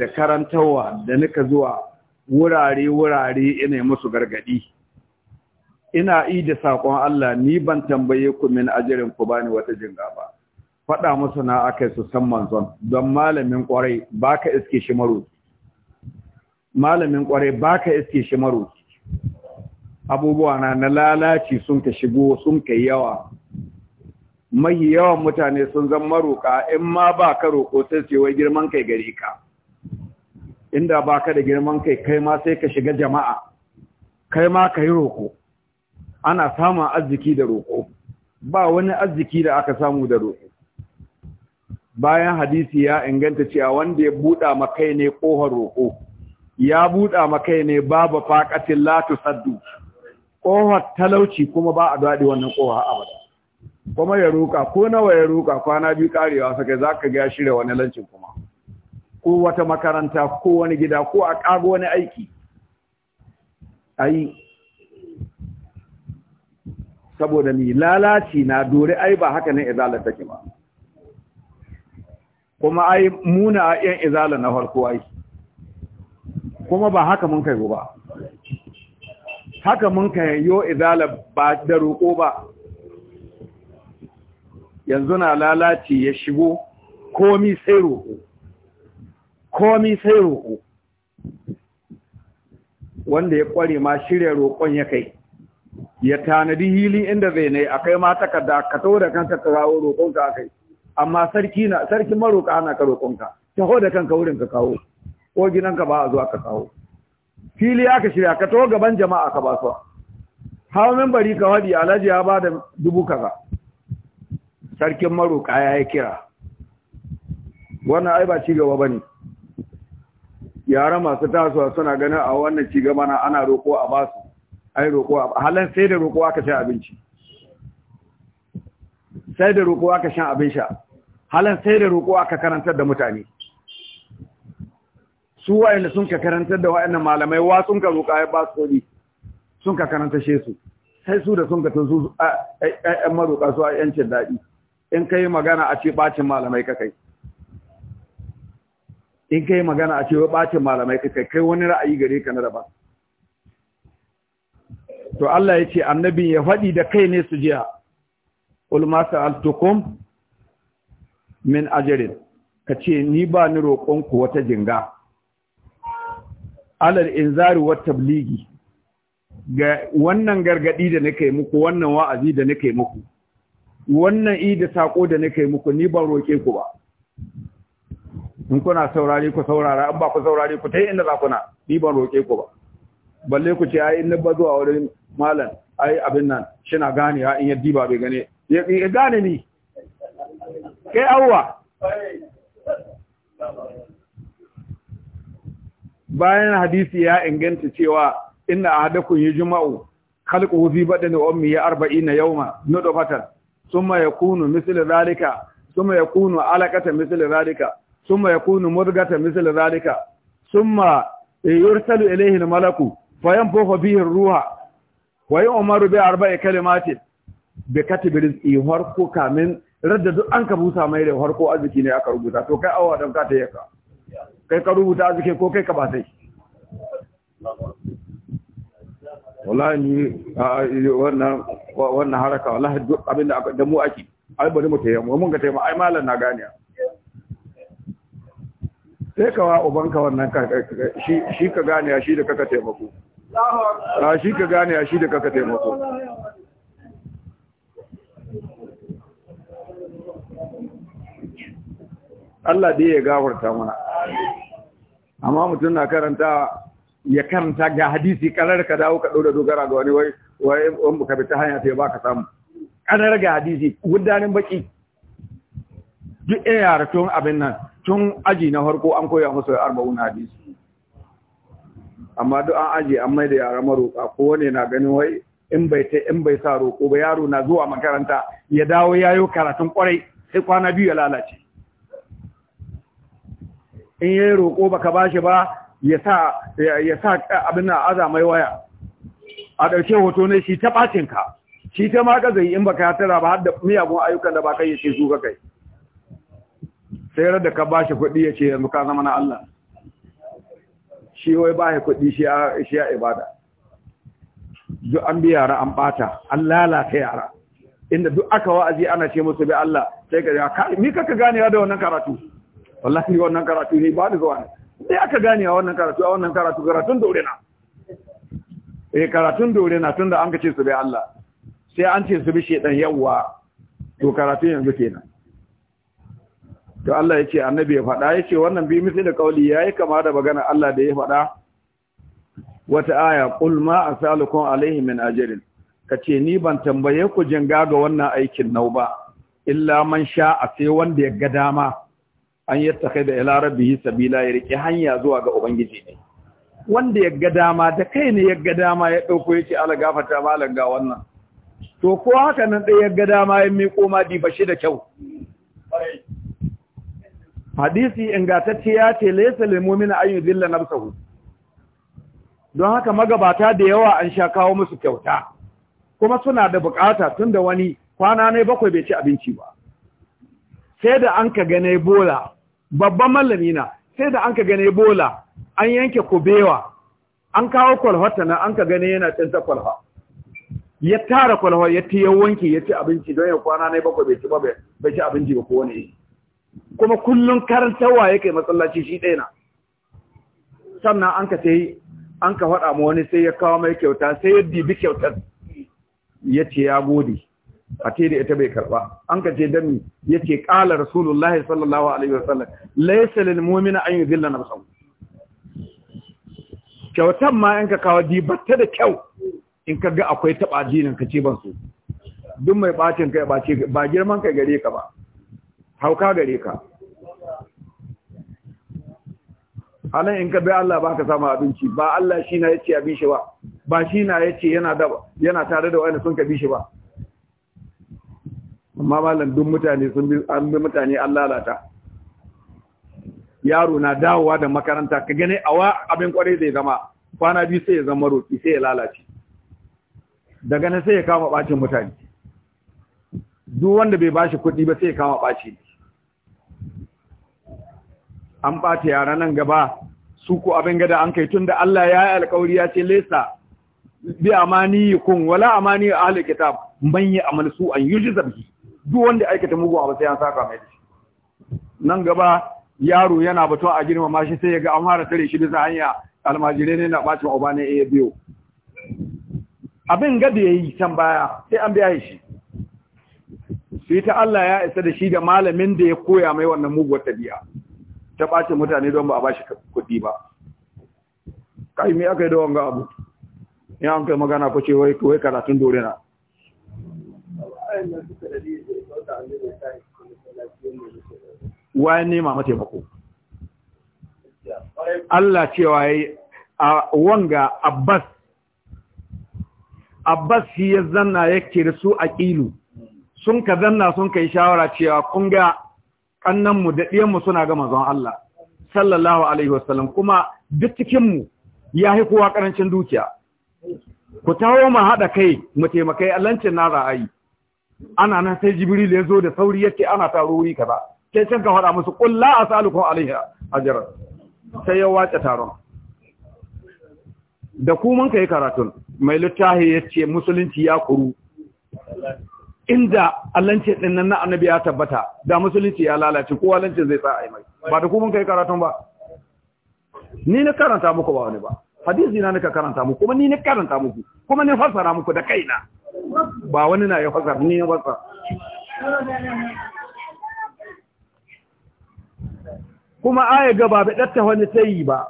[SPEAKER 1] da karantawa da nika zuwa wurare-wurare ina musu gargadi. Ina ida da saƙon Allah, ni ban tambaye ku min ajirin ku bani wata jinga ba. faɗa musu na aka su san manzon don malamin ƙwarai ba ka iske shi maruci malamin ƙwarai ba ka iske shi maruci abubuwa na na lalaci sun ka shigo sun ka yawa mahi yawan mutane sun zan maruka, in ma ba ka roƙo sai ce wai girman kai gare ka inda ba ka da girman kai kai ma sai ka shiga jama'a kai ma ka yi roƙo ana samun arziki da roƙo ba wani arziki da aka samu da roƙo bayan hadisi ya inganta cewa wanda ya buɗa makai ne ƙohon roƙo ya buɗa makai ne babu faƙatin latu saddu ƙohon talauci kuma ba a daɗi wannan ƙohar abada kuma ya roƙa ko nawa ya roƙa kwana biyu ƙarewa saka za ka ga shirya wani lancin kuma ko wata makaranta ko wani gida ko a ƙago wani aiki ai saboda ni lalaci na dore ai ba haka na izalar take ba kuma ai muna yan izala na farko ai kuma ba haka mun kai ba haka mun kai yo izala ba da roƙo ba yanzu na lalaci ya shigo komi sai roƙo komi sai roƙo wanda ya kware ma shirya roƙon ya kai ya tanadi hilin inda zai ne akai ma takarda ka tawo da kanka ka rawo ka kai. amma sarki na sarki maroka ana ka roƙonka taho da kanka wurin ka kawo ko gidanka ba a zuwa ka kawo fili ya ka shirya ka taho gaban jama'a ka ba su hawa membari ka wadi alhaji ya ba da dubu kaza sarkin maroka ya yi kira wannan ai ba cigaba ba ne yara masu tasowa suna ganin a wannan cigaba na ana roƙo a su ai roƙo a halin sai da roƙo aka sha abinci sai da roƙo aka sha abin sha halin sai da roƙo aka karantar da mutane su wa'anda sun ka karantar da wa'annan malamai wa sun ka roƙa ya ba su kuɗi sun ka karanta she su sai su da sun ka tunzu ƴan maroƙa su a yancin daɗi in ka yi magana a ce ɓacin malamai ka kai in ka yi magana a ce ɓacin malamai ka kai kai wani ra'ayi gare ka na daban to Allah ya ce Annabi ya faɗi da kai ne su jiya ulma sa'altukum min ajirin ka ce ni ba ni roƙonku wata jinga alal inzari wa tabligi ga wannan gargadi da nake muku wannan wa'azi da nake muku wannan i da sako da nake muku ni ban roƙe ku ba in kuna saurare ku saurara in ba ku saurare ku ta yi inda za ku na ni ban roƙe ku ba balle ku ce ai in na zuwa wurin malam ai abin nan shi na gane ya in yaddi ba bai gane ya gane ni
[SPEAKER 2] kai awa?
[SPEAKER 1] bayan hadisi ya inganta cewa inna ahadakum yujma'u khalquhu fi badani ummihi 40 yawma nudfatan thumma yakunu mithla zalika thumma yakunu 'alaqatan mithla zalika thumma yakunu mudghatan mithla zalika thumma yursalu ilayhi al-malaku fayanfukhu fihi ar-ruha wa yu'maru bi arba'i kalimatin bi katbi rizqi warku kamin radda duk an ka busa mai da harko arziki ne aka rubuta to kai awa don ka ta yaka kai ka rubuta arziki ko kai ka ba sai wallahi ni wannan wannan haraka wallahi duk abinda da mu ake ai bari mu tayi mun ga tayi ai malan na gani. sai ka wa ubanka wannan shi shi ka gani, shi da kaka taimako
[SPEAKER 2] shi ka gane shi da kaka taimako
[SPEAKER 1] Allah dai ya gafarta mana amma mutum na karanta ya karanta ga hadisi karar ka dawo ka ɗaura dogara ga wani wai wai bi ta hanya ta ba ka samu karar ga hadisi gudanin baki duk ɗaya yara tun abin nan tun aji na farko an koya musu arba'un hadisi amma duk an aji an mai da yara maroƙa ko wani na ganin wai in bai ta in bai sa roƙo ba yaro na zuwa makaranta ya dawo yayo karatun kwarai sai kwana biyu ya lalace in yi roƙo ba bashi ba shi ba ya sa abin nan aza mai waya a ɗauke hoto ne shi ta ɓacinka, ka shi ta ma ka zai in baka tara ba har da miyagun ayyukan da ba kai yace su ka kai sai da ka bashi kuɗi ya ce yanzu ka zama na Allah shi wai ba ya kuɗi shi ya ibada duk an bi yara an ɓata an lalata yara inda duk aka wa'azi ana ce musu bi Allah sai ka ya mi kaka ganewa da wannan karatu wallahi wannan karatu ne ba da zuwa ne sai aka gane a wannan karatu a wannan karatu karatun dore na eh karatun dore na tunda an ce su bai Allah sai an ce su bi shedan yawa to karatun yanzu kenan to Allah yace annabi ya faɗa yace wannan bi misali da kauli yayi kama da magana Allah da ya faɗa wata aya qul ma asalukum alaihi min ajrin kace ni ban tambaye ku jinga ga wannan aikin nau ba illa man sha'a sai wanda ya ga dama an da ila rabbihi sabila ya rike hanya zuwa ga ubangiji ne wanda ya ga dama da kai ne ya ga dama ya dauko yace ala gafata malan ga wannan to ko haka nan dai ya ga dama ya miko ma diba shi da kyau hadisi ingantacce ya ce laysa lil ayyu an yudilla don haka magabata da yawa an sha kawo musu kyauta kuma suna da bukata da wani kwana ne bakwai bai ci abinci ba sai da an ka gane bola babban mallami na sai da an ka gane bola an yanke kubewa an kawo kwalhota na an ka gane yana tsinta kwalha ya tara kwalha ya ta wanki ya ci abinci don ya kwana na bakwai bai ci ba bai ci abinci ba kowane yi kuma kullum karantarwa ya kai matsalaci shi ɗaya na sannan an ka sai an ka faɗa ma wani sai ya kawo mai kyauta sai ya dibi kyautar ya ce ya gode a ce da ita bai karba an ka ce dami ya ce ƙala rasulullah sallallahu alaihi wa sallam laisa lil mu'mina an yuzilla nafsahu kyautan ma in ka kawo batta da kyau in ka ga akwai taba jinin ka ce ban so duk mai bacin kai ba ba girman kai gare ka ba hauka gare ka anan in ka bai Allah ba ka samu abinci ba Allah shi na yace abin shi ba ba shi na yace yana da yana tare da wani sun ka bi shi ba amma malam duk mutane sun bi an bi mutane an lalata yaro na dawowa da makaranta ka gane awa abin kwarai zai zama kwana biyu sai ya zama roƙi sai ya lalace daga nan sai ya kama bacin mutane duk wanda bai bashi kuɗi ba sai ya kama baci an ɓata yara nan gaba su ko abin gada an kai tunda Allah ya yi alƙawari ya ce lesa bi amani kun wala amani ahli kitab man yi amal su an yuji zabi duk wanda aikata mugu abu sai an saka mai da shi nan gaba yaro yana batuwa a girmama shi sai ya ga an fara tare shi bisa hanya almajire ne na bacin uba ne ya biyo abin gada ya yi can baya sai an biya shi sai ta Allah ya isa da shi da malamin da ya koya mai wannan muguwar tabi'a ta ɓace mutane don ba a bashi kuɗi ba kai me aka yi da wanga abu ya an kai magana ko ce wai karatun dore na wayan nema mata Allah cewa yayi a wanga Abbas Abbas shi ya zanna yake da su ƙilu, sun ka zanna sun ka yi shawara cewa kun ga Ƙannanmu da ɗiyanmu suna ga manzon Allah sallallahu alaihi wasallam kuma duk cikinmu ya haifuwa kowa karancin dukiya ku tawo ma haɗa kai mu taimakai allancin na ra'ayi ana nan sai jibril ya zo da sauri yace ana taro wuri kaza sai can ka faɗa musu qul la asalukum alaihi ajra sai ya wace taron da ku mun kai karatun mai littahi yace musulunci ya kuru inda allance din nan na annabi ya tabbata da musulunci ya lalace ko allance zai tsaya mai ba da ku mun kai karatun ba ni na karanta muku ba wani ba hadisi na nika karanta muku kuma ni ne karanta muku kuma ni fassara muku da kaina ba wani na ya fassara ni ne wasa kuma aya ga ba bidatta wani tayi ba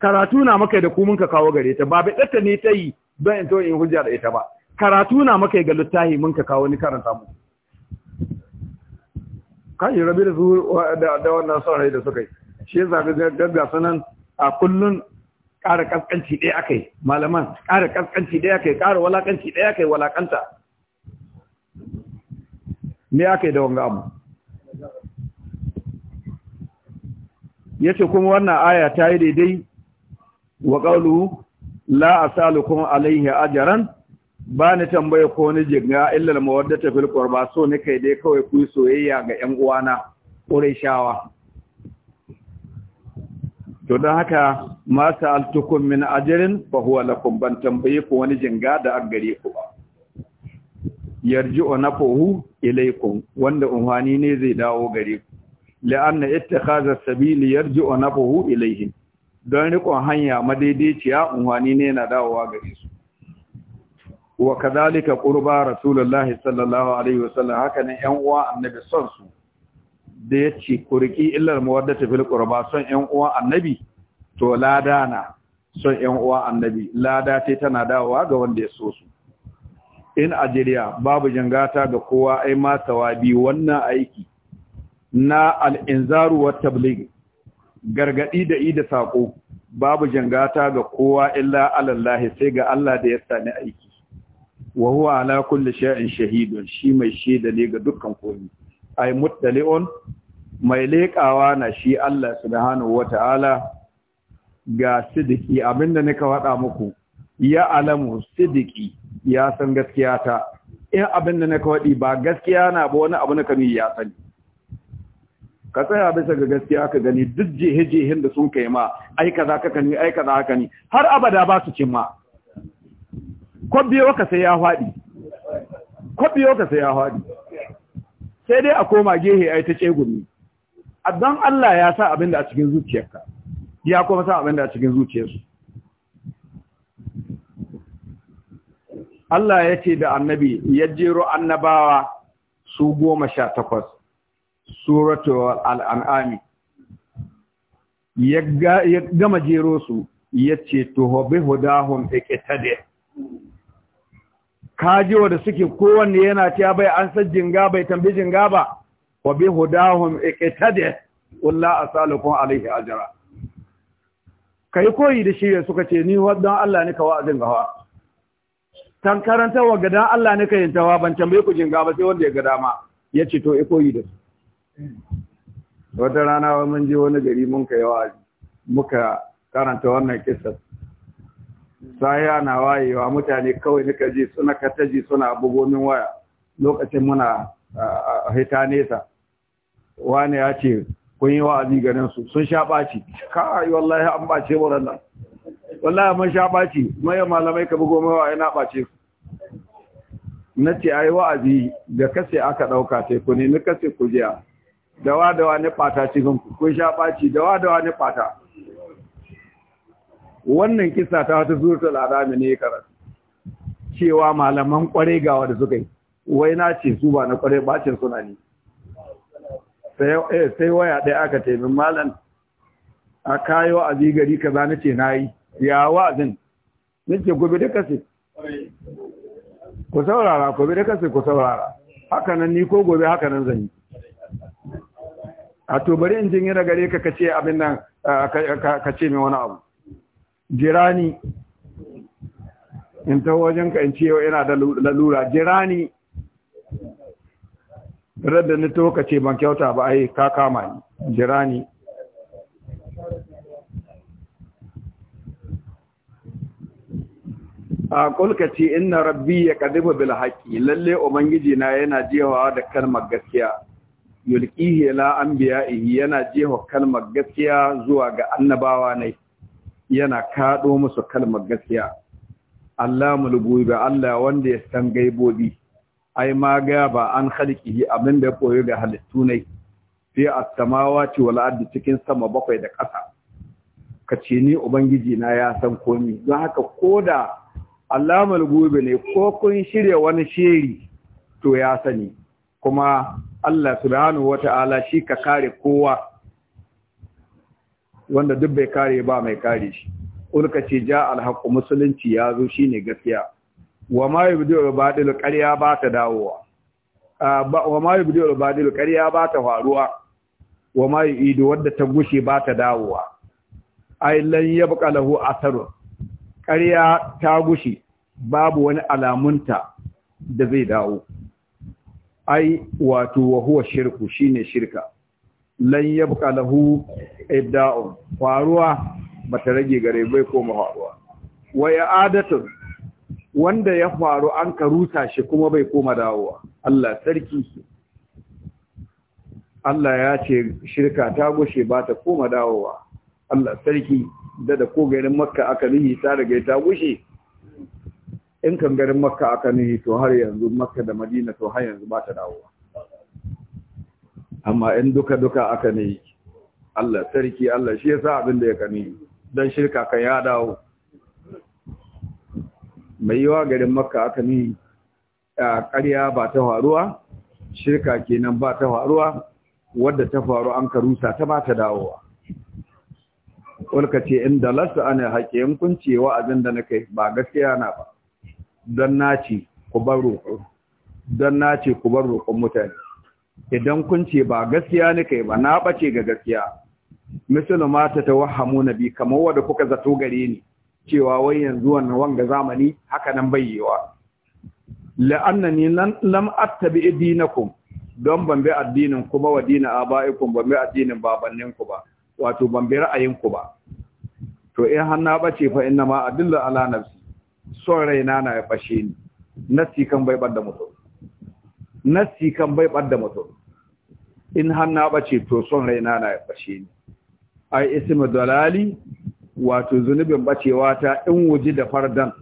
[SPEAKER 1] karatu na maka da mun ka kawo gare ta ba bidatta ne tayi yi don in to in hujja da ita ba karatu na maka ga littahi mun ka kawo ni karanta muku kai rabi da zuwa da wannan son da suka yi shi yasa ga gaggasa nan a kullun ƙara ƙasƙanci ɗaya aka yi malaman ƙara ƙasƙanci ɗaya aka yi ƙara walaƙanci ɗaya aka yi walaƙanta me aka yi da wanga amu? ya ce kuma wannan aya ta yi daidai wa ƙaulu la a kuma alaihi ajaran ba ni tambaye ko ni jirga illar mawadda ta filkuwar ba so ni kai dai kawai ku soyayya ga ‘yan uwana ƙurai shawa to don haka ma sa'altukum min ajrin fa huwa lakum ban tambaye ku wani jinga da an gare ku ba 'o na nafuhu ilaykum wanda unhani ne zai dawo gare ku na ita kaza la'anna ittikhaza 'o na nafuhu ilayhi don rikon hanya madaidaiciya unhani ne na dawowa gare su wa kadalika qurba Rasulallah sallallahu alaihi wasallam haka ne yan uwa annabi son su da ya ce kurki illar mawaddata fil ba son ƴan uwa annabi to lada na son ƴan uwa annabi lada ce tana dawowa ga wanda ya so su in ajiriya babu jangata ga kowa ai ma tawabi wannan aiki na al’inzaru wa tabligh gargaɗi da ida saƙo babu jangata ga kowa illa alallahi sai ga Allah da ya sani aiki wa huwa ala kulli sha’in shahidun shi mai shaida ne ga dukkan komai ay muttali'un mai leƙawa na shi Allah subhanahu wata'ala ga sidiki abinda ka faɗa muku ya alamu sidiki ya san gaskiya ta in abinda ka waɗi ba gaskiya na ba wani abu na kami ya sani ka tsaya bisa ga gaskiya ka gani duk jihe-jihen da sun kai ma ai kaza ka kani ai kaza haka ni har abada ba su cin ma ko biyo ka sai ya faɗi ko biyo ka sai ya faɗi sai dai a koma gehe ai ta ce gumi don Allah ya sa abin da a cikin zuciyarka ya kuma sa abin da a cikin zuciyarsu Allah ya ce da annabi ya jero annabawa su goma sha takwas suratu al'an'ami ya gama jero su ya ce tuhobi hudahun ikitade kajiwa da suke kowanne yana ta bai an san jinga bai tambi jinga ba wa bi hudahum iqtadi walla asalukum alaihi ajra kai koyi da shi suka ce ni wadan Allah ne ka wa'azin gawa tan karanta wa gada Allah ne ka yintawa ban tambaye ku jinga ba sai wanda ya ga dama yace to koyi da wata rana mun je wani gari mun kai wa muka karanta wannan kissa saya na wayewa mutane kawai nika ji suna kataji suna min waya lokacin muna hita nesa wani ya ce kun yi wa'azi ganin su sun sha ɓaci kai wallahi an ɓace wurin nan wallahi mun sha ɓaci mai malamai ka bugo mawa waya na ɓace su na ce ai wa'azi da kase aka ɗauka sai ku nemi kase ku jiya dawa dawa ne ɓata cikin ku kun sha ɓaci dawa dawa ne ɓata wannan kisa ta wata zurta al’adami ne ya karatu cewa malaman ƙware ga da suka yi wai na ce su ba na kware bacin suna ne eh, sai waya ɗaya aka taimin malam a kayo a gari za na ce na yi ya wa'azin nake gobe da kasi ku saurara gobe da kasi ku saurara hakanan ni ko gobe hakanan zan yi a to bari in jin yana ragare ka kace abin nan ka ce mai wani abu jirani in ta wajen ka in ce yau ina da lalura jirani rada ni to ka ce ban kyauta ba ai ka kama ni jirani a kulka ce inna rabbi ya kadiba bil haƙi lalle ubangiji na yana jewa da kalmar gaskiya yulkihi la anbiya'i yana jewa kalmar gaskiya zuwa ga annabawa ne yana kaɗo musu kalmar gaskiya Allah mulgubi Allah wanda ya san gaibobi ai ma ga ba an yi abin da ya koyo ga halittu ne fi as-samawati wal ardi cikin sama bakwai da ƙasa Ka ce ni ubangiji na ya san komi don haka ko da, Allah mulgubi ne ko kun shirya wani shiri to ya sani kuma Allah subhanahu wata'ala shi ka kare kowa wanda duk bai kare ba mai kare shi ulka ce ja alhaqu musulunci ya zo shine gaskiya wa ma yubdi'u badilu ƙarya ba ta dawowa wa ma yubdi'u badilu ƙarya ba ta faruwa wa ma ido, wadda ta gushe ba ta dawowa ai lan yabqa lahu asaru ƙarya ta gushe babu wani alamunta da zai dawo ai wato wa huwa shirku shine shirka lan yabka lahu idda'u faruwa ta rage gare bai koma faruwa wa i'adatu wanda ya faru an ruta shi kuma bai koma dawowa Allah sarki Allah ya ce shirka ta gushe ba ta koma dawowa Allah sarki da da ko garin makka aka nihi ta rage ta gushe in kan garin makka aka nihi to har yanzu makka da madina to har yanzu ba ta dawowa amma in duka duka aka ne Allah sarki Allah shi yasa abin da ya kani dan shirka kan ya dawo mai yawa garin makka aka ne, a ƙarya ba ta faruwa shirka kenan ba ta faruwa wadda ta faru an karusa ta ba ta dawowa Walka ce da lasu ana haƙe in kun yankunci wa'azin da na kai ba gaskiya na ba don naci ku bar roƙon mutane idan kun ce ba gaskiya ne kai ba na bace ga gaskiya misalu ma ta tawahhamu nabi kamar wanda kuka zato gare ni cewa wai yanzu wannan wanga zamani haka nan bayyewa la'annani lam attabi dinakum don ban bi addinin ku ba wa dinin abaikum ban bi addinin babannin ku ba wato ban bi ra'ayin ku ba to in har na bace fa inna ma adillu ala nafsi son raina na ya fashe ni nafsi kan bai bar da mutum nassi kan bai ɓadda mutum in har na ɓace to son raina na ɓace ni ai ismu dalali wato zunubin ɓacewa ta in wuji da fardan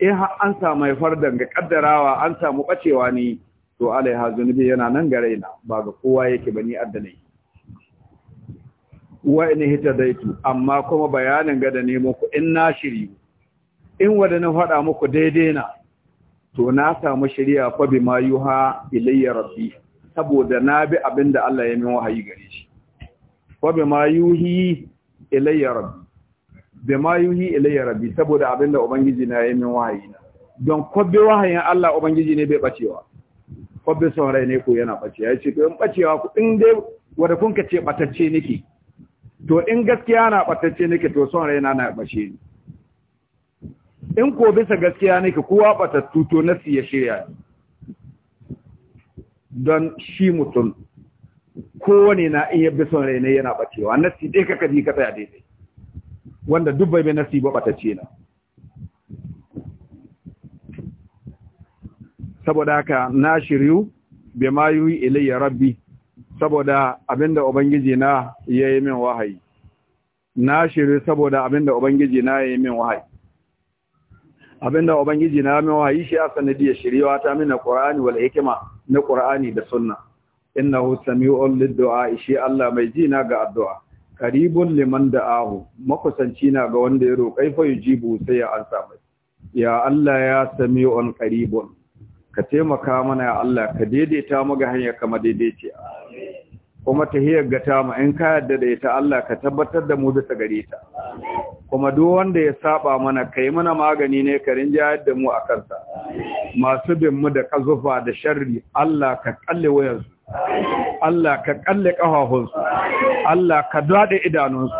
[SPEAKER 1] in har an samu fardan ga kaddarawa an samu ɓacewa ni to alaiha zunubi yana nan ga raina ba ga kowa yake bani addalai wa in daitu amma kuma bayanin ga da ne muku in na shiri in wada na faɗa muku daidai na to na samu shari'a fa ma yuha ilayya rabbi saboda na bi abinda Allah ya min wahayi gare shi fa ma yuhi ilayya rabbi ma yuhi ilayya rabbi saboda abinda ubangiji na ya min wahayi na don bi wahayin Allah ubangiji ne bai bacewa son rai ne ko yana bacewa ce to in bacewa ku in dai wanda kun ka ce batacce nake to in gaskiya na batacce nake to rai na na bace ni in ko bisa gaskiya nake kowa batattu to nasi ya shirya don shi mutum kowane na iya rai ne yana bacewa nasi ɗai kaka ji ka tsaya daidai wanda dubbai bai mai nasi ba batacce na saboda haka na shiryu bai ma yi ilayya rabbi saboda abinda ubangiji na ya yi min wahayi na shiryu saboda abinda ubangiji na ya yi min wahayi abinda ubangiji na mai wahayi shi a sanadiyar shiriwa ta mina qur'ani wal hikima na qur'ani da sunna innahu sami'un lid-du'a shi Allah mai ji na ga addu'a qaribun liman da'ahu makusanci na ga wanda ya roƙa fa yujibu sai ya ansa mai ya Allah ya sami'un qaribun ka taimaka mana ya Allah ka daidaita mu ga hanya kama daidaici kuma tahiyar ga ta mu in ka yarda da ita Allah ka tabbatar da mu bisa gare ta amin kuma duk wanda ya saba mana kai mana magani ne ka rinjayar da mu a kansa masu bin mu da kazufa da sharri Allah ka kalle wayansu, Allah ka kalle kafafunsu Allah ka dade idanunsu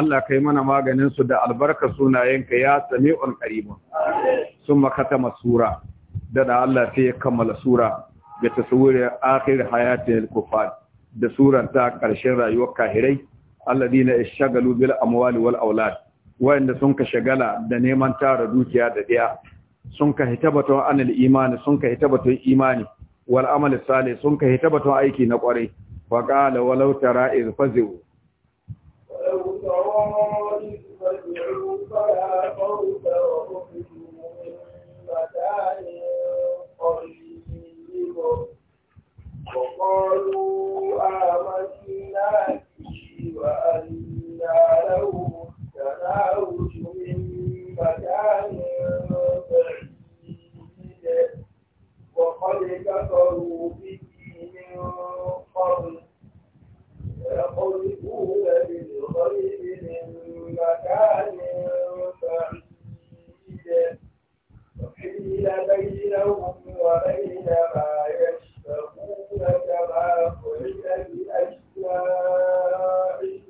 [SPEAKER 1] Allah kai mana maganinsu da albarka sunayenka ya sami'un qaribun summa katama sura da Allah sai ya kammala sura da tasawurin akhir al kufar da suranta karshen rayuwar kahirai alladina ishagalu bil amwali wal aulad wayanda sun ka shagala da neman tara dukiya da ɗaya sun ka hitabaton anil imani sun ka hitabaton imani wal amal salih sun ka hitabaton aiki na kware fa qala walau tara iz fazu
[SPEAKER 2] وقالوا آمنا به وأنا لهم ونعود من مكان بعيد وقد كفروا به من قبل يقذفون بالغيب من مكان بعيد وحيل بينهم وبين ما يشتهون كما فعل بأشيائهم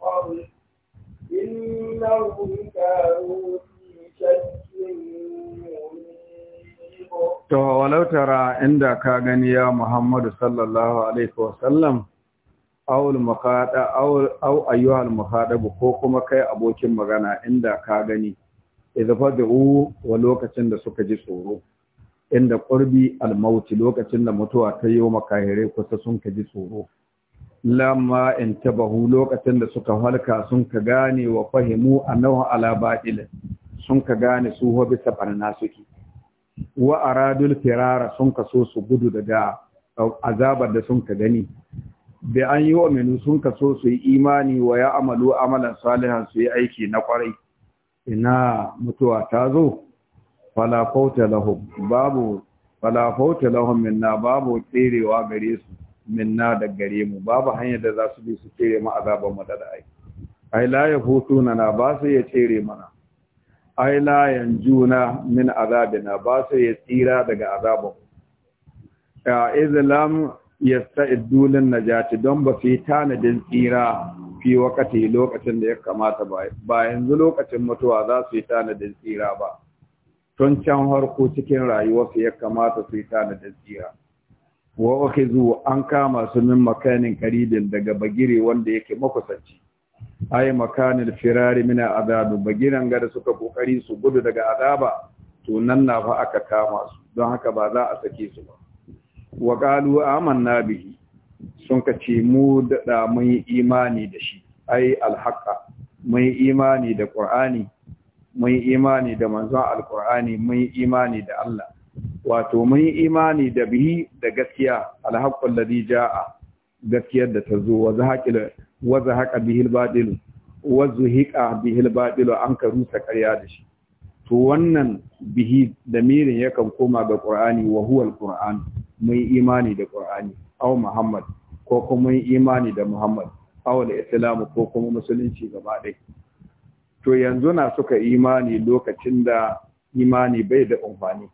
[SPEAKER 2] To,
[SPEAKER 1] walau tara inda ka gani ya Muhammadu sallallahu Alaihi wasallam, awul makaɗa, au ayyuhal makaɗa, ko kuma kai abokin magana inda ka gani, izafa da wa lokacin da suka ji tsoro, inda ƙurbi almauti lokacin da mutuwa ta yi wa makahirai kusa sun ka ji tsoro. lamma in tabahu lokacin da suka halka sun ka gane wa fahimu annahu ala batil sun ka gane su hobi bisa suke wa aradul firara sun ka so su gudu daga azabar da sun ka gani bi an yi ominu sun ka so su yi imani wa ya amalu amalan salihan su yi aiki na kwarai ina mutuwa ta zo fala lahum babu fala lahum minna babu tserewa gare su minna da gare mu babu hanyar da za su bi su tere mu azaban mu da ai ai la na ba su ya tere mana ai la yanjuna min azabina ba su ya tsira daga azaban ya izlam yasta'iddu lin najati don ba fi tanadin tsira fi wakati lokacin da ya kamata ba Ba yanzu lokacin mutuwa za su yi tanadin tsira ba tun can harko cikin rayuwa rayuwarsu ya kamata su yi tanadin tsira wa zuwa an kama su min makanin karibin daga bagire wanda yake makusanci ay makanin firari min azabu bagiran gada suka kokari su gudu daga azaba to nan na fa aka kama su don haka ba za a sake su ba wa qalu amanna bihi sun kace mu da mun yi imani da shi ai alhaqa mun yi imani da qur'ani mun yi imani da manzon alqur'ani mun yi imani da Allah wato mun yi imani da bihi da gaskiya alhaqqul ladhi jaa gaskiyar da ta zo wa zahaqil wa zahaqa bihil albatil wa zuhiqa bihil albatil an ka rusa ƙarya da shi to wannan bihi da mirin yakan koma ga qur'ani wa huwa alquran mun imani da qur'ani aw muhammad ko kuma mun imani da muhammad aw alislam ko kuma musulunci gaba ɗaya to yanzu na suka imani lokacin da imani bai da amfani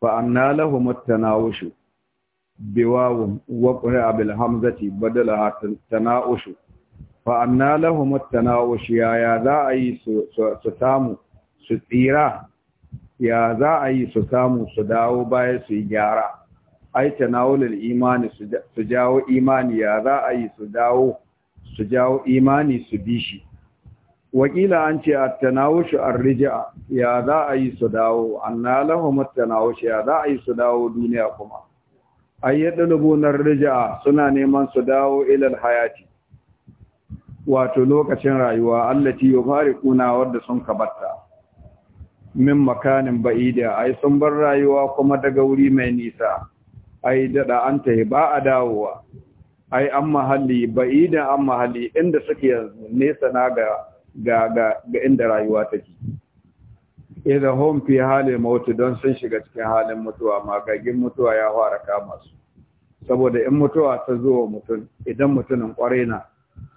[SPEAKER 1] fa'anna lahu mutanawushu biwawun wa ƙuri'a fa'anna lahu mutanawushu yaya za a yi su samu su tsira dawo bayan su yi gyara ai tanawulul imani su jawo imani ya za a yi su jawo imani su bi shi wakila an ce a tanawushu rija ya za a yi su dawo anna lahum tanawushu ya za a yi su dawo duniya kuma ay lubunar rija suna neman su dawo ilal hayati wato lokacin rayuwa fari kuna wadda sun kabata min makanin ba'ida yi sun bar rayuwa kuma daga wuri mai nisa ai dada an yi ba a dawowa ai an mahalli ba'ida an mahalli inda suke yanzu nesa na ga ga ga ga inda rayuwa take idan hom fi halin mutu don sun shiga cikin halin mutuwa magagin mutuwa ya fara kama su saboda in mutuwa ta zo wa mutum idan mutumin kwarai na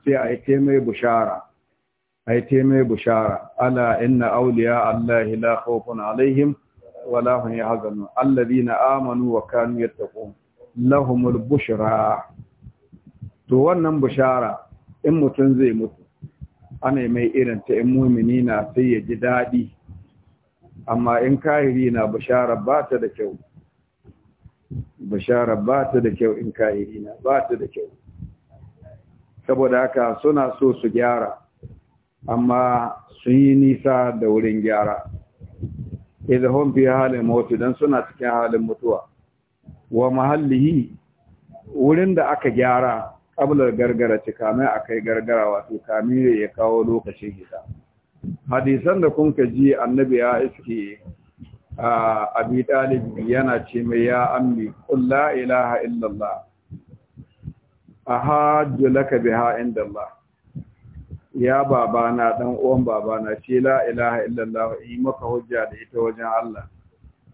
[SPEAKER 1] sai a yi taimai bushara a yi taimai bushara ala inna auliya allahi la khawfun alaihim wa la hum yahzanun alladhina amanu wa kanu yattaqun lahumul bushra to wannan bushara in mutum zai mutu ana mai irin ta in mumini na sai ya ji daɗi amma in kahiri na Bushara ba ta da kyau Bushara ba ta da kyau in kahiri na ba ta da kyau saboda haka suna so su gyara amma sun yi nisa da wurin gyara idza hon fi halin mutu dan suna cikin halin mutuwa wa mahallihi wurin da aka gyara qablar gargara ci a kai gargara wato kamire ya kawo lokacin gida. hadisan da kun ka ji annabi ya iske a abi ɗalibi yana ce mai ya ammi qul la ilaha illa ha laka bi inda allah ya babana ɗan uwan babana ce la ilaha illallah yi maka hujja da ita wajen Allah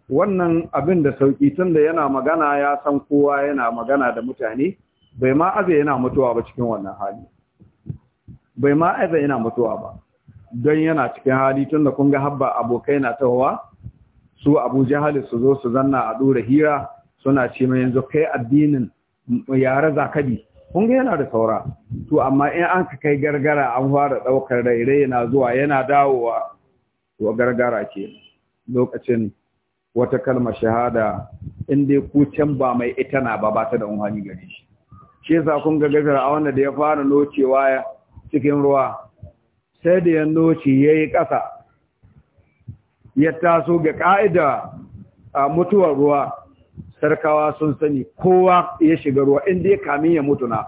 [SPEAKER 1] wannan abin da tun da yana magana ya san kowa yana magana da mutane bai ma aza yana mutuwa ba cikin wannan hali bai ma aza yana mutuwa ba don yana cikin hali tun da kun ga habba abokai na tahowa su abu jahali su zo su zanna a ɗora hira suna ce mai yanzu kai addinin yare zakadi kun ga yana da saura to amma in an ka kai gargara an fara ɗaukar raire yana zuwa yana dawowa to gargara ke lokacin wata kalmar shahada in dai ku can ba mai ita na ba ba ta da unhani gare shi shi yasa kun ga gafir a wanda da ya fara nocewa cikin ruwa sai da ya noce ya yi ƙasa ya taso ga ƙa'ida a mutuwar ruwa sarkawa sun sani kowa ya shiga ruwa inda ya kami ya mutu na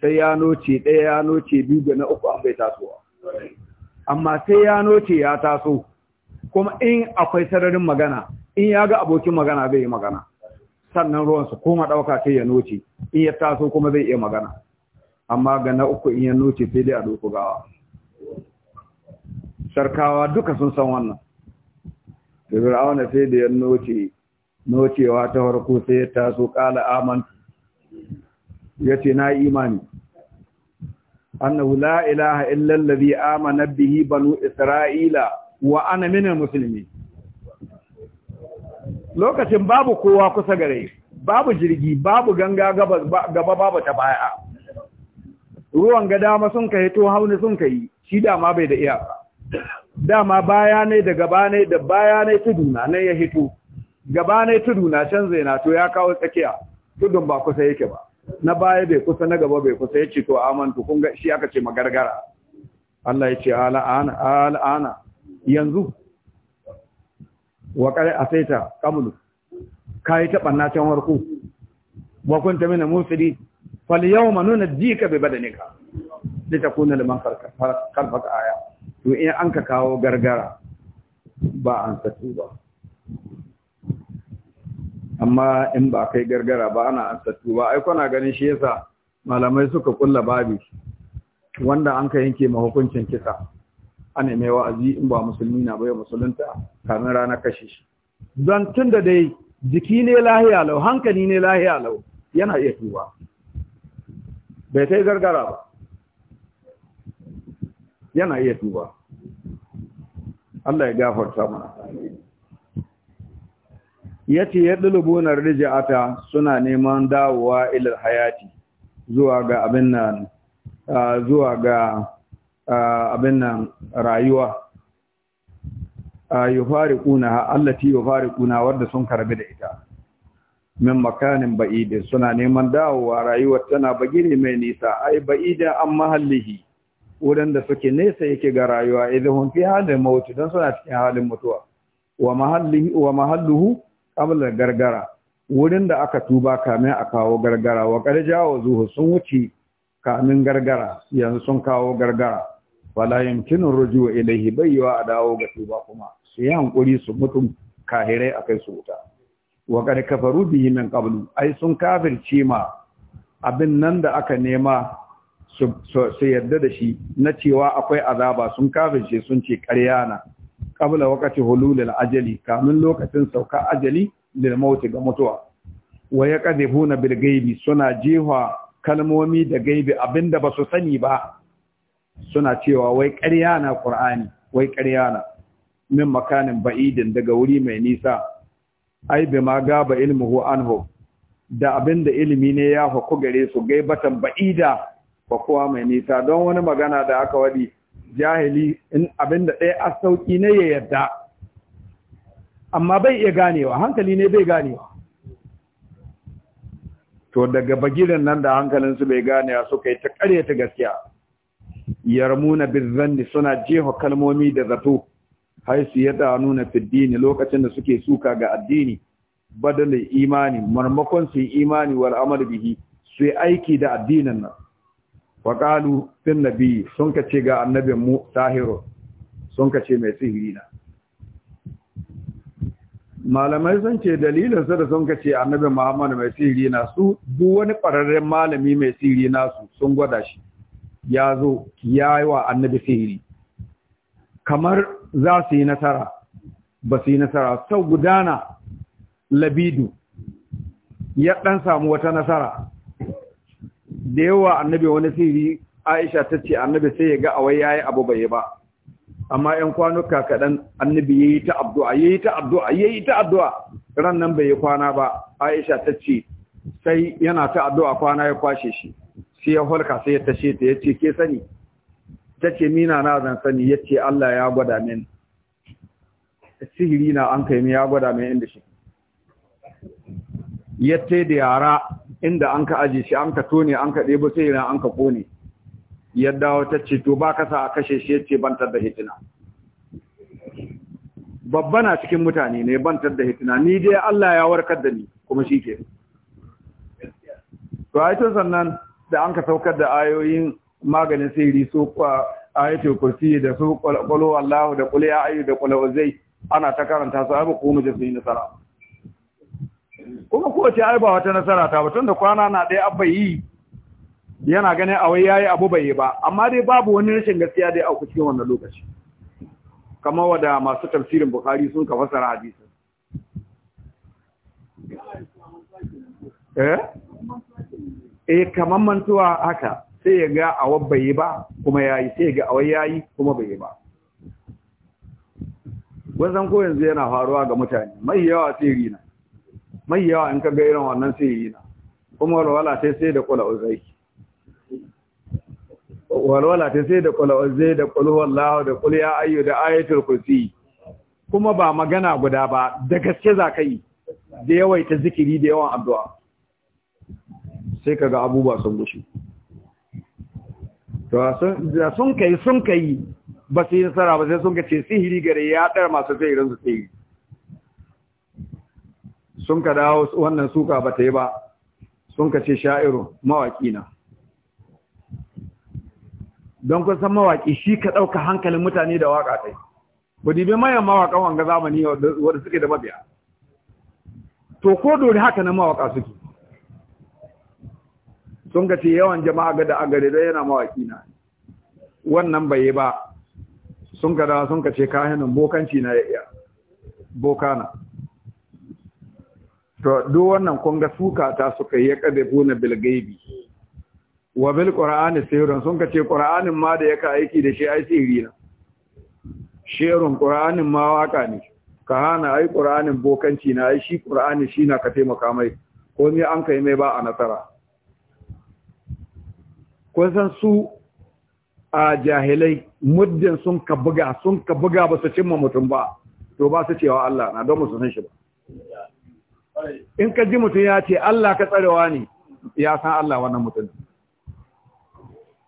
[SPEAKER 1] sai ya noce ɗaya ya noce biyu da na uku an bai tasowa amma sai ya noce ya taso kuma in akwai sararin magana in ya ga abokin magana zai yi magana sannan ruwan su koma ɗauka sai ya noce in ya taso kuma zai iya magana amma ga na uku in ya noce sai dai a doku gawa sarkawa duka sun san wannan da fir'auna sai da ya noce nocewa ta farko sai ya taso kala aman ya ce na imani annahu la ilaha illallazi amana bihi banu isra'ila wa ana minal muslimin lokacin babu kowa kusa gare babu jirgi babu ganga gaba babu ta baya ruwan ga dama sun kai to hauni sun kai shi dama bai da iyaka dama baya ne da gaba ne da baya ne tudu na nan ya hito gaba ne tudu na can zaina to ya kawo tsakiya tudun ba kusa yake ba na baya bai kusa na gaba bai kusa yace to amantu kun ga shi aka ce magargara Allah ya ce ala ana yanzu wa sai ta kamulu kai ta banna can warku wa kunta min mufsidi fal yawma nunajjika bi badanika kuna liman khalfaka aya to in an ka kawo gargara ba an satu ba amma in ba kai gargara ba ana an satu ba ai kuna ganin shi yasa malamai suka kulla babi wanda an ka yanke ma hukuncin kisa ana mai wa'azi in ba musulmi na bai musulunta kamin rana kashe shi don tun da dai jiki ne lahiya lau hankali ne lahiya lau yana iya tuba bai ta yi gargara ba yana iya tuba Allah ya gafarta mana ya ce ya ɗulubunar rija'ata suna neman dawowa ilar hayati zuwa ga abin nan zuwa ga abin nan rayuwa yufariquna allati kuna wadda sun karbi da ita min makanin ba'ide suna neman dawowa rayuwar tana bagire mai nisa ai ba'ida an mahallihi wurin da suke nesa yake ga rayuwa idan hun fi halin mawuci don suna cikin halin mutuwa wa mahallihi wa mahalluhu gargara wurin da aka tuba kamin a kawo gargara wa qarjawa zuhu sun wuce kamin gargara yanzu sun kawo gargara wala yumkinu ruju'u ilayhi bayyawa a dawo ga tuba kuma su yi hankuri su mutum kahirai akai su wuta wa kad kafaru bihi min qablu ai sun kafirce ma abin nan da aka nema su yarda da shi na cewa akwai azaba sun kafirce sun ce ƙarya na qabla waqti hululil ajali kamin lokacin sauka ajali lil mauti ga mutuwa wa yakadhibuna bil ghaibi suna jihwa kalmomi da gaibi abinda ba su sani ba suna cewa wai ƙarya na ƙur'ani wai ƙarya na min makanin ba'idin daga wuri mai nisa ai bi ma gaba ilmuhu anhu da abinda ilimi ne ya hako gare su gaibatan ba'ida ba kowa mai nisa don wani magana da aka wadi jahili in abinda ɗaya a sauƙi ne ya yarda amma bai iya ganewa hankali ne bai ganewa to daga bagiren nan da hankalinsu bai ganewa suka yi ta ƙarya ta gaskiya yarmuna bizzanni suna jeho kalmomi da zato haisu su da nuna fiddini lokacin da suke suka ga addini badalin imani marmakon su imani wal amal bihi su aiki da addinin nan wa qalu fil nabi sun kace ga annabin mu tahiru sun kace mai sihiri na malamai sun ce dalilin su da sun kace annabi Muhammad mai sihiri na su duk wani ƙwararren malami mai sihiri na su sun gwada shi ya zo ya yi wa annabi sihiri kamar za su yi nasara ba su yi nasara sau gudana labidu ya ɗan samu wata nasara da yawa annabi wani sihiri aisha ta ce annabi sai ya ga awai ya yi abu bai ba amma ‘yan kwanuka kaɗan annabi ya yi ta abdu'a ya yi ta abdu'a ya yi ta abdu'a ran nan bai yi kwana ba aisha ta ce sai yana ta abdu'a kwana ya kwashe shi sai ya holka sai ya tashe ta ce ke sani Ta ce mina na zan sani ya ce Allah ya gwada min sihiri na an kai ya gwada min inda shi yace da yara inda an ka aji shi an ka tone an ka ɗebo sai yana an ka kone yadda wata ce to ba kasa a kashe shi ya ce bantar da hitina babba na cikin mutane ne bantar da hitina ni dai Allah ya warkar da ni kuma shi ke to ai to sannan da an ka saukar da ayoyin maganin sihiri su kwa ayatul kursi da su qul wallahu da qul ya ayyu da qul wazai ana ta karanta su abu kuma da nasara kuma kowace ai ba wata nasara ta batun da kwana na ɗaya abba yi yana ganin a wai yayi abu bai yi ba amma dai babu wani rashin gaskiya dai a cikin wannan lokaci kamar wada masu tafsirin bukhari sun ka fasara hadisi eh e kaman mantuwa haka sai ya ga awa bai yi ba kuma yayi sai ya ga awa yayi kuma bai yi ba wannan ko yanzu yana faruwa ga mutane mai yawa sirri na mai yawa in ka ga irin wannan sirri na kuma walwala sai sai da kula uzai walwala ta sai da kulawazze da kulhuwallahu da kul ya ayyu da ayatul kursi kuma ba magana guda ba da gaske za ka da yawaita zikiri da yawan addu'a sai kaga abubuwa sun gushe to da sun kai sun kai ba su yi nasara ba sai sun ka ce sihiri gare ya ɗar masu irin su sihiri sun ka dawo wannan suka ba ta yi ba sun ka ce sha'iru mawaƙi na don kun san mawaƙi shi ka ɗauka hankalin mutane da waƙa ta yi ku dibe mayan mawaƙan wanga zamani wadda suke da mabiya to ko dori haka na mawaƙa suke sun ga ce yawan jama'a ga da gare da yana mawaki na wannan bai yi ba sun ka dawa sun ka ce kahinin bokanci na ya iya bokana to duk wannan kun ga suka ta suka yi ya kada buna bilgaibi wa bil qur'ani sirrun sun ka ce qur'anin ma da yaka aiki da shi ai sirri na sherun qur'anin ma waka ne ka hana ai qur'anin bokanci na ai shi qur'ani shi na ka taimaka mai ko ni an kai mai ba a nasara kun san su a jahilai muddin sun ka buga sun ka buga ba su cimma mutum ba to ba su cewa Allah na don musu san shi ba in ka ji mutum ya ce Allah ka tsarewa ne ya san Allah wannan mutum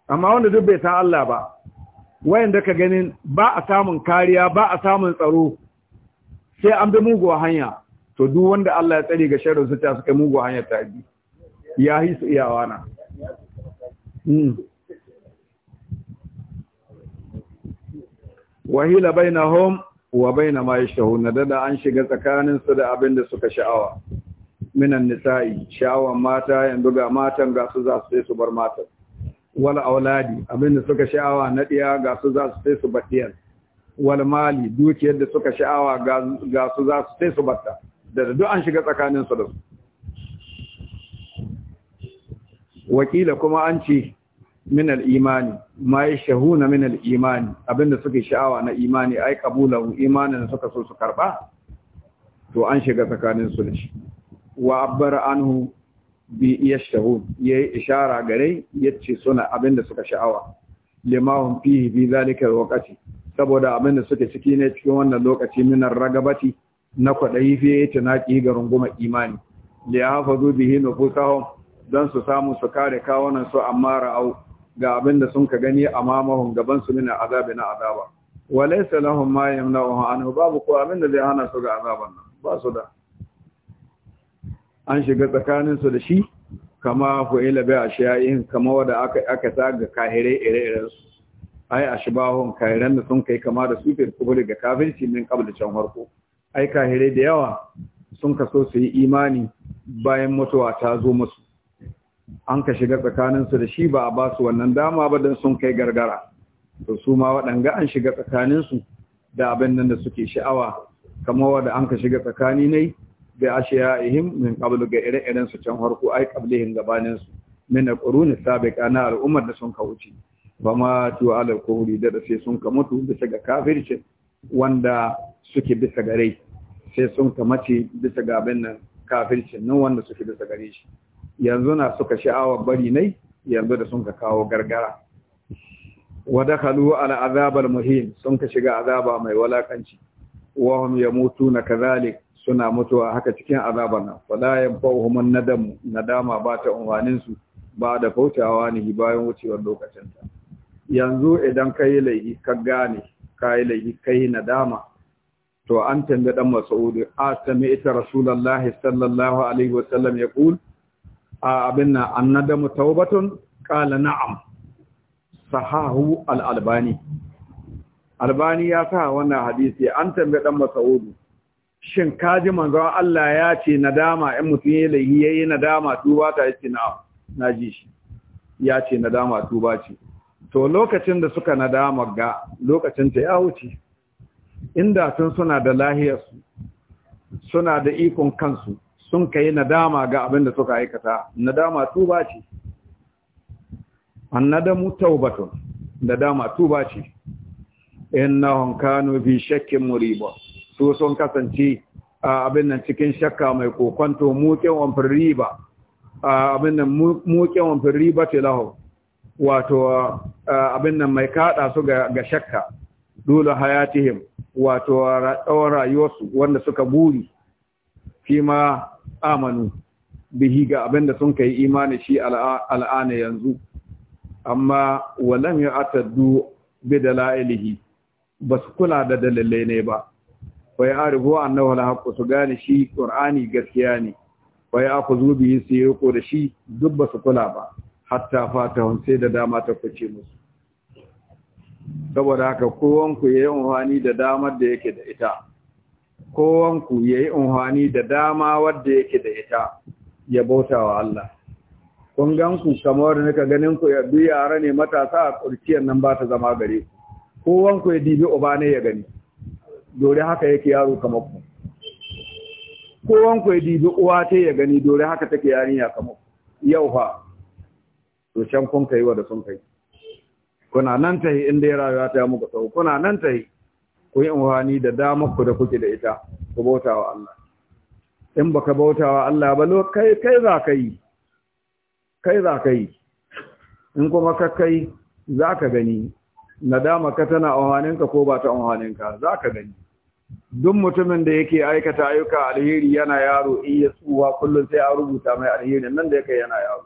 [SPEAKER 1] amma wanda duk bai san Allah ba wayanda ka ganin ba a samun kariya ba a samun tsaro sai an bi muguwa hanya to duk wanda Allah ya tsare ga sharri su ta suka muguwa hanya ta bi ya hisu iyawana Mm. wahila hom wa baina ma Na dada an shiga tsakanin su da abin da suka sha'awa minan nisa'i sha'awan mata yanzu ga matan ga su za su sai su bar matan wal auladi abin da suka sha'awa na diya ga su za su sai su batiyar wal mali dukiyar da suka sha'awa ga su za su sai su batta da duk an shiga tsakanin su da su wakila kuma an ce min al'imani, imani yi shahuna min al'imani, abinda suke sha'awa na imani ai qabulahu imanin suka so su karɓa. to an shiga tsakanin su da shi wa abbara anhu bi ya yayi ishara gare ce suna abinda suka sha'awa limahun fihi bi zalika lokaci saboda abinda suke ciki ne cikin wannan lokaci min ragabati na kwaɗayi fiye naƙi ga rungumar imani li hafazu bihi nufusahum don su samu su kare kawunan su amma ra'au ga abin da sun ka gani a mamahun gaban su nuna azabi na azaba walaysa lahum ma yamna'uhu anhu babu ko abin da zai hana su ga azaban nan ba su da an shiga tsakanin su da shi kama fu'ila bi ashiyain kama wadda aka aka ga kahire ire-iren su ai ashbahun kahiren da sun kai kama da su fil kubri ga kafirci min da can harko ai kahire da yawa sun kaso su yi imani bayan mutuwa ta zo musu an ka shiga tsakaninsu da shi ba a ba su wannan dama ba don sun kai gargara to su ma waɗanga an shiga tsakaninsu da abin nan da suke sha'awa kamar wanda an ka shiga tsakani ne da ashiya ihim min qablu ga ire-iren su can harko ai qablihin gabanin su min al sabiqa na al'ummar da sun ka wuce ba ma tu ala kuhuri da sai sun ka mutu bisa ga kafircin wanda suke bisa gare sai sun ka mace bisa ga abin nan kafircin nan wanda suke bisa gare shi yanzu na suka sha'awar bari nai yanzu da sun ka kawo gargara wa dakhalu ala azabal muhin sun ka shiga azaba mai walakanci wa hum yamutuna kadhalik suna mutuwa haka cikin azabar nan fala yanfa'uhum an-nadam nadama ba ta umwanin ba da fautawa ne bayan wucewar lokacinta. yanzu idan kai laifi ka gane kai laifi kai nadama to an tambayi dan mas'udi a sami ita Rasulullahi sallallahu alaihi wasallam ya kula abin na annadamu taubatun qala na'am sahahu al-albani albani ya sa wannan hadisi an tambaye dan masaudu shin kaji manzon Allah ya ce nadama in mutun ya lahi yayi nadama tuba ta yace na'am naji shi ya ce nadama tuba ce to lokacin da suka nadama ga lokacin ta ya wuce inda tun suna da lahiyarsu suna da ikon kansu sun kai nadama ga abin da suka aikata nadama tuba ce annadamu taubatun nadama tuba ce innahum kanu fi shakkin muriba su sun kasance abin nan cikin shakka mai kokonto muƙin wamfin riba abin nan muƙin wamfin riba ce lahu wato abin nan mai kaɗa su ga shakka dole hayatihim wato tsawon rayuwarsu wanda suka buri fi ma amanu bihi ga abin da sun kai imani shi al'ana yanzu amma walam ya ataddu bi dalailihi bas kula da dalilai ne ba wa ya arifu annahu al-haqqu su gane shi qur'ani gaskiya ne wa ya akhudhu bihi su yi da shi duk basu kula ba hatta hun sai da dama ta kuce musu saboda haka kowanku yayin wani da damar da yake da ita kowanku ya yi unhwani da dama wadda yake da ita ya bauta wa Allah. Kun ganku kamar nika ganin ku biyu yara ne matasa a ƙurciyar nan ba ta zama gare ku. Kowanku ya dibi uba ne ya gani, dore haka yake yaro kamar ku. Kowanku ya dibi uwa ta ya gani dore haka take yarinya kamar ku. Yau fa, to can kun kai wa da sun kai. Kuna nan ta yi inda ya rayuwa ta muku sau, kuna nan ta yi. ku yi amfani da damar ku da kuke da ita ku bauta wa Allah in baka bauta wa Allah ba lo kai kai za ka yi kai za ka yi in kuma ka kai za ka gani nadama ka tana amfaninka ko ba ta amfaninka za ka gani duk mutumin da yake aikata ayyuka alheri yana yaro in ya tsuwa kullum sai a rubuta mai alheri nan da yake yana yaro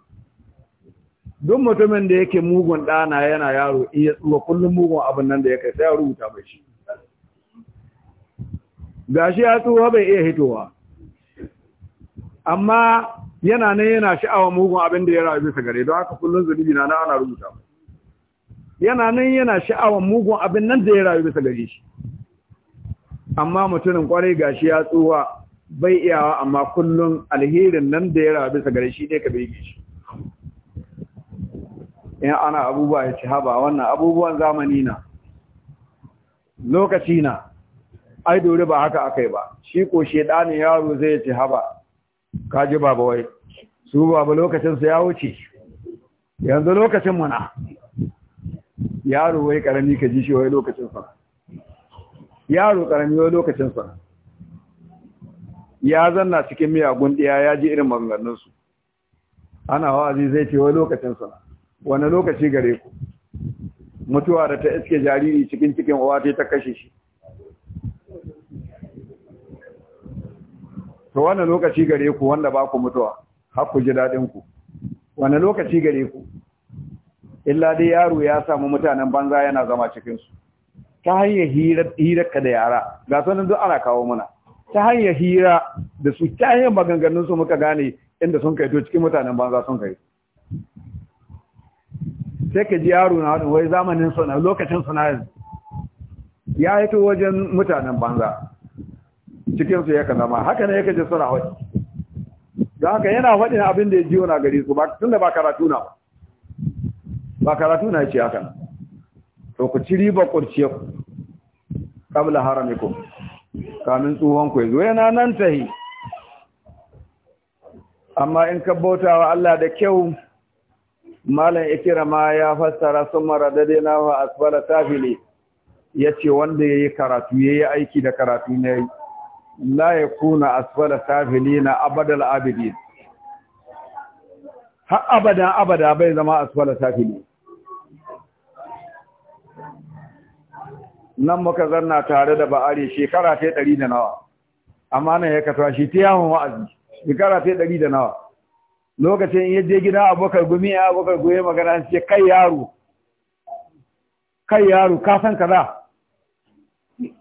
[SPEAKER 1] duk mutumin da yake mugun ɗana yana yaro in ya tsuwa kullum mugun abin nan da yake sai a rubuta mai shi gashi ya tsuwa bai iya hitowa amma yana nan yana sha'awa mugun abin da ya rayu bisa gare don haka kullum zunubi na nan ana rubuta yana nan yana sha'awa mugun abin nan da ya rayu bisa gare shi amma mutumin kwarai gashi ya tsuwa bai iyawa amma kullun alherin nan da ya rayu bisa gare shi ne ka bai shi in ana abubuwa ya ci haba wannan abubuwan zamani na lokaci na ai dore ba haka akai ba shi ko shedani yaro zai ce haba kaji baba wai su baba lokacin su ya wuce yanzu lokacin mu na yaro wai karami ka ji shi wai lokacin sa yaro karami wai lokacin sa ya zanna cikin miyagun ɗiya ya ji irin maganganunsu ana wa'azi zai ce wai sa wani lokaci gare ku mutuwa da ta iske jariri cikin cikin uwa ta kashe shi to wani lokaci gare ku wanda ba ku mutuwa har ku ji daɗin ku wani lokaci gare ku illa dai yaro ya samu mutanen banza yana zama cikin su ta hanyar hirar ka da yara ga sanin duk ana kawo mana ta hanyar hira da su ta hanyar maganganun su muka gane inda sun kai to cikin mutanen banza sun kai sai ka ji yaro na wani wai zamanin sana lokacin suna yanzu ya hito wajen mutanen banza cikinsu ya ka zama haka ne ya kaje suna haɗi don haka yana faɗin abin da ya ji na gari su tun da ba karatu na ba ba karatu na ce haka to ku ci riba ƙurciyar kabla haramikum kamin tsohon ku zo yana nan tahi amma in ka bauta wa Allah da kyau malam ikirama ya fassara sun mara dadena wa asfala tafili ya ce wanda ya yi karatu ya yi aiki da karatu na yi la yakuna asfala safilina abadal abidin har abada abada bai zama asfala safili nan muka zanna tare da ba'ari shekara ta ɗari da nawa amma nan ya kasuwa shi ta yawon wa'azi shekara ta ɗari da nawa lokacin ya je gida abokan gumi ya abokan gumi magana ce kai yaro kai yaro ka san kaza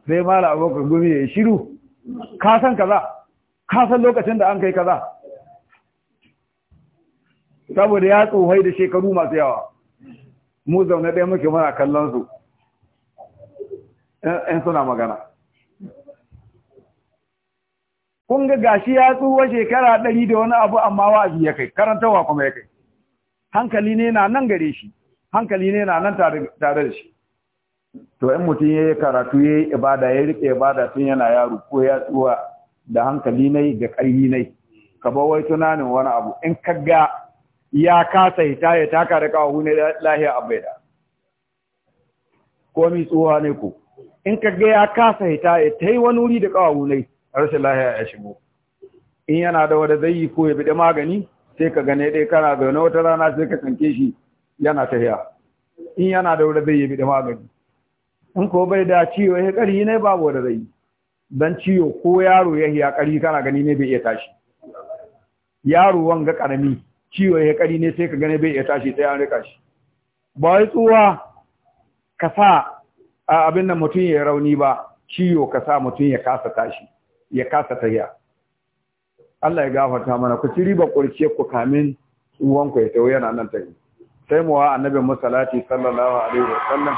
[SPEAKER 1] sai mala abokan gumi ya yi shiru ka san kaza ka lokacin da an kai kaza saboda ya tsohai da shekaru masu yawa mu zaune ɗaya muke muna kallon su ɗan suna magana kun ga gashi ya tsuwa shekara ɗari da wani abu amma wa'azi ya kai karantarwa kuma ya kai hankali ne na nan gare shi hankali ne na nan tare da shi to in mutum ya yi karatu ya yi ibada ya rike ibada tun yana yaro ko ya tsuwa da hankali nai da ƙarfi nai ka bar wai tunanin wani abu in ka ga ya kasa hita ya taka da kawo ne lahiya bai da komi tsuwa ne ko in ka ga ya kasa hita ya ta yi wani wuri da kawo ne rashin lahiya ya shigo in yana da wanda zai yi ko ya bi magani sai ka gane dai kana zaune wata rana sai ka kanke shi yana tafiya in yana da wanda zai yi bi magani in ko bai da ciwo ya eh, ƙari ne babu da zai don ciwo ko yaro ya hiya ƙari kana gani ne bai iya tashi yaro wanga ƙarami ciwo ya ƙari ne sai ka gani bai iya tashi sai an rika shi ba wai tsuwa ka sa abin da mutum ya rauni ba ciwo ka sa mutum ya kasa tashi ya kasa tahiya Allah ya gafarta mana ku ci riba ƙurce ku kamin ku ya tawo yana nan tafi sai mu wa annabi musallati sallallahu alaihi sallam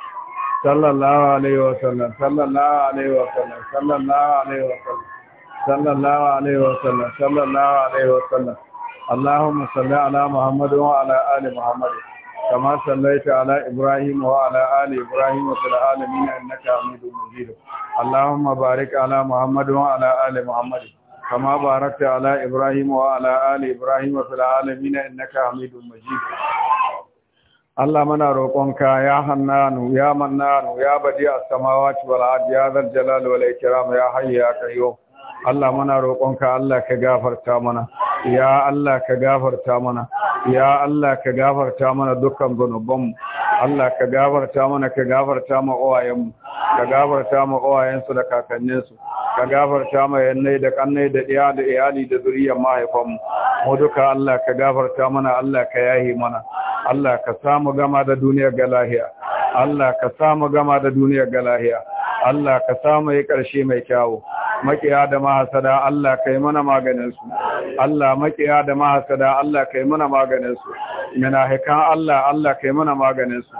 [SPEAKER 1] sallallahu alaihi wasallam sallallahu alaihi wasallam sallallahu alaihi wasallam sallallahu alaihi wasallam sallallahu alaihi wasallam allahumma salli ala muhammad wa ali muhammad kama sallaita ala ibrahim wa ali ibrahim wa fil alamin innaka
[SPEAKER 2] hamidum majid
[SPEAKER 1] allahumma barik ala muhammad wa ali muhammad kama barakta ala ibrahim wa ali ibrahim wa fil alamin innaka hamidum majid Allah muna roƙonka ya hannanu ya mannanu ya badi as-samawati wal ardi ya zal jalali wal ikram ya hayya ya qayyum Allah muna roƙonka Allah ka gafarta mana ya Allah ka gafarta mana ya Allah ka gafarta mana dukkan zunubanmu Allah ka gafarta mana ka gafarta ma uwayenmu ka gafarta ma uwayensu da kakanninsu ka gafarta ma yannai da kannai da iya da iyali da zuriyar mahaifanmu mu duka Allah ka gafarta mana Allah ka yahi mana Allah ka samu gama da duniyar galahiya Allah ka samu gama da duniyar galahiya Allah ka samu yi ƙarshe mai kyawu makiya da mahasada Allah kai mana maganin su Allah makiya da mahasada Allah kai mana maganin su munafikan Allah Allah kai mana maganin su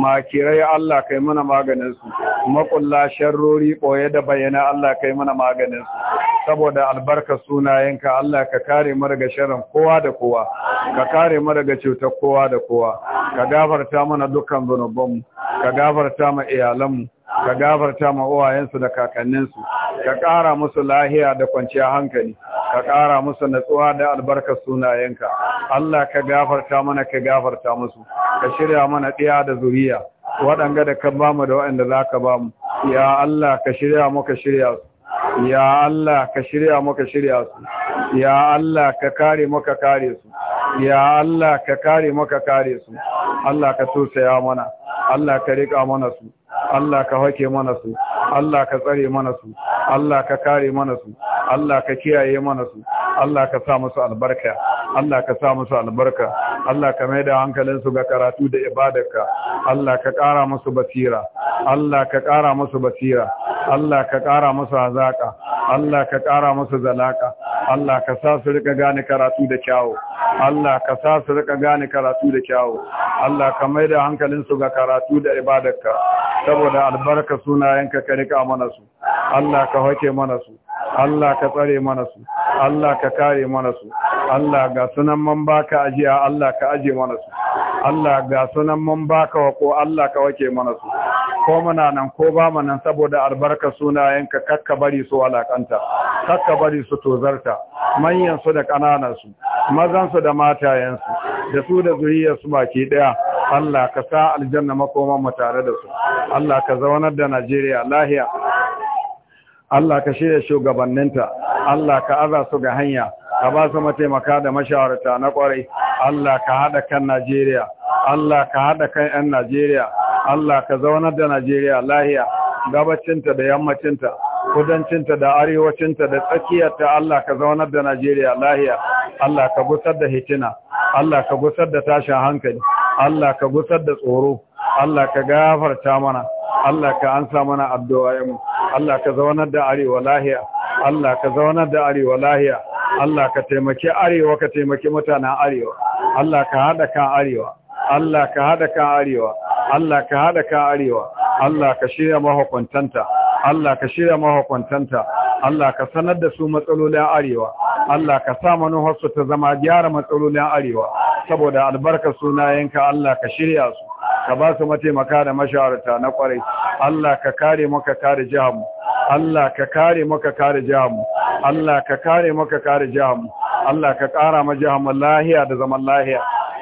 [SPEAKER 1] makirai Allah kai mana maganin su makulla sharrori boye da bayyana Allah kai mana maganin su saboda albarka sunayenka Allah ka kare mu daga sharrin kowa da kowa ka kare mu daga cutar kowa da kowa ka gafarta mana dukkan zunubanmu ka gafarta mu iyalanmu ka gafarta ma uwayensu da kakanninsu ka ƙara musu lahiya da kwanciyar hankali ka ƙara musu natsuwa da albarkar sunayenka Allah ka gafarta mana ka gafarta musu ka shirya mana ɗiya da zuriya waɗanga da ka bamu da waɗanda za ka bamu ya Allah ka shirya mu ka shirya su ya Allah ka shirya mu ka shirya su ya Allah ka kare mu ka kare su ya Allah ka kare mu ka kare su Allah ka tusaya mana Allah ka riƙa mana su Allah ka hake mana su Allah ka tsare mana su Allah ka kare mana su Allah ka kiyaye mana su Allah ka sa musu albarka Allah ka sa musu albarka Allah ka mai da hankalin ga karatu da ibadarka Allah ka ƙara musu basira Allah ka ƙara musu basira Allah ka ƙara musu hazaƙa Allah ka ƙara musu zalaka Allah ka sa su rika gane karatu da kyawu Allah ka sa su rika gane karatu da kyawu Allah ka maida su ga karatu da ibadarka saboda albarka sunayenka ka rika mana su Allah ka hoke mana su Allah ka tsare mana su Allah ka kare mana su Allah ga sunan man baka ajiya Allah ka aje mana su Allah ga sunan man baka wako Allah ka wake mana su ko muna nan ko ba mu nan saboda albarka sunayenka kakka bari su alakanta kakka bari su tozarta manyan su da kananan su mazan su da matayen su da su da zuriyar su baki daya Allah ka sa aljanna makoman mu tare da su Allah ka zaunar da Najeriya lahiya Allah ka shirya shugabanninta Allah ka aza su ga hanya ka ba su mataimaka da mashawarta na kwarai Allah ka haɗa kan Najeriya Allah ka haɗa kan 'yan Najeriya Allah ka zaunar da Najeriya lahiya gabacinta da yammacinta kudancinta da arewacinta da tsakiyarta Allah ka zaunar da Najeriya lahiya Allah ka gusar da hitina Allah ka gusar da tashin hankali Allah ka gusar da tsoro Allah ka gafarta mana Allah ka ansa mana addu'o'inmu Allah ka zaunar da arewa lahiya Allah ka zaunar da arewa lahiya Allah ka taimaki arewa ka taimaki mutanen arewa Allah ka hada kan arewa Allah ka hada kan arewa Allah ka hada ka arewa Allah ka shirya mahukuntanta Allah ka shirya mahukuntanta Allah ka sanar da su matsalolin arewa Allah ka sa manuharsu ta zama gyara matsalolin arewa saboda albarkar sunayenka Allah ka shirya su ka ba su mataimaka da mashawarta na kwarai Allah ka kare maka kare jihamu Allah ka kare maka kare jihamu Allah ka kare maka kare jiharmu. Allah ka kara ma jiharmu lahiya da zaman lahiya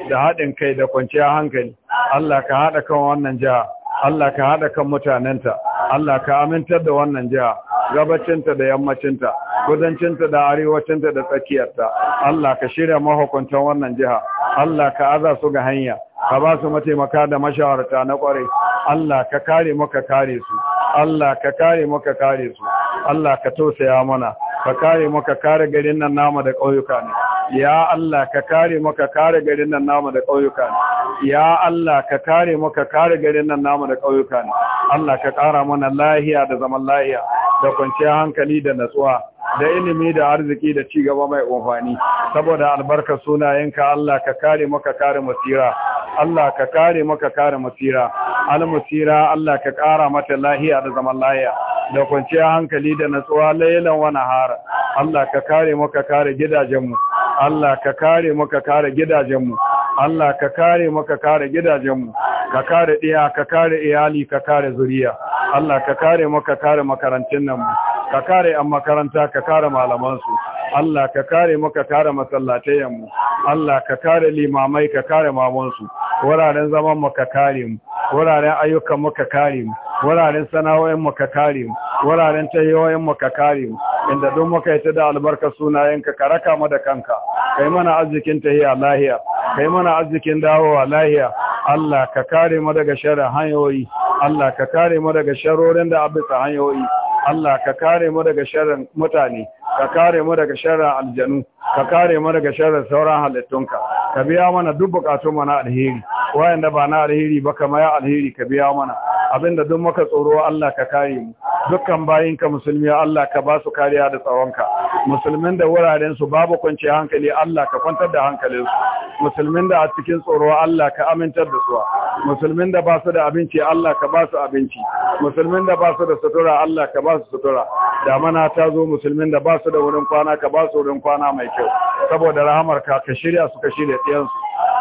[SPEAKER 1] da haɗin kai da kwanciyar hankali Allah ka haɗa kan wannan jiha Allah ka haɗa kan mutanenta Allah ka amintar da wannan jiha gabacinta da yammacinta kudancinta da arewacinta da tsakiyarta Allah ka shirya mahukuntan wannan jiha Allah ka aza su ga hanya ka ba su mataimaka da mashawarta na ƙware Allah ka kare maka kare su Allah ka kare maka kare su Allah ka tausaya mana ka kare mu ka kare garin nan nama da ƙauyuka ne ya Allah ka kare mu ka kare garin nan nama da ƙauyuka ne ya Allah ka kare maka ka kare garin nan nama da ƙauyuka ne Allah ka ƙara mana lahiya da zaman lahiya da kwanciyar hankali da natsuwa da ilimi da arziki da ci gaba mai amfani saboda albarkar sunayenka Allah ka kare maka kare masira Allah ka kare maka kare masira almasira Allah ka kara mata lahiya da zaman lahiya da kwanciyar hankali da natsuwa lailan wa nahara Allah ka kare maka kare gidajenmu Allah ka kare maka kare gidajenmu Allah ka kare maka kare gidajenmu ka kare ɗiya ka kare iyali ka kare zuriya Allah ka kare mu ka kare makarantun nan ka kare an makaranta ka kare malamansu. Allah ka kare maka ka kare masallatayen mu Allah ka kare limamai ka kare mamansu. su wuraren zaman mu ka kare mu wuraren ayyukan mu ka kare mu wuraren sana'o'in mu ka kare mu wuraren tayoyin mu ka kare mu inda duk muka yi ta da albarka sunayenka ka raka mu da kanka kai mana arzikin tahiya lahiya kai mana arzikin dawowa lahiya Allah ka kare mu daga sharrin hanyoyi Allah ka kare mu daga sharorin da abisa hanyoyi Allah ka kare mu daga sharrin mutane ka kare mu daga sharrin aljanu ka kare mu daga sharrin sauran halittunka ka biya mana duk bukatun mu na alheri wayanda ba na alheri ba kamar ya alheri ka biya mana abinda duk muka tsoro Allah ka kare mu dukkan bayinka musulmi Allah ka ba su kariya da tsaronka musulmin da wuraren su babu kwanci hankali Allah ka kwantar da hankalin su musulmin da a cikin tsoro Allah ka amintar da su musulmin da ba su da abinci Allah ka ba su abinci musulmin da ba su da sutura Allah ka ba su sutura da mana ta zo musulmin da ba su da wurin kwana ka ba su wurin kwana mai kyau saboda rahamar ka ka shirya su ka shirya ɗiyan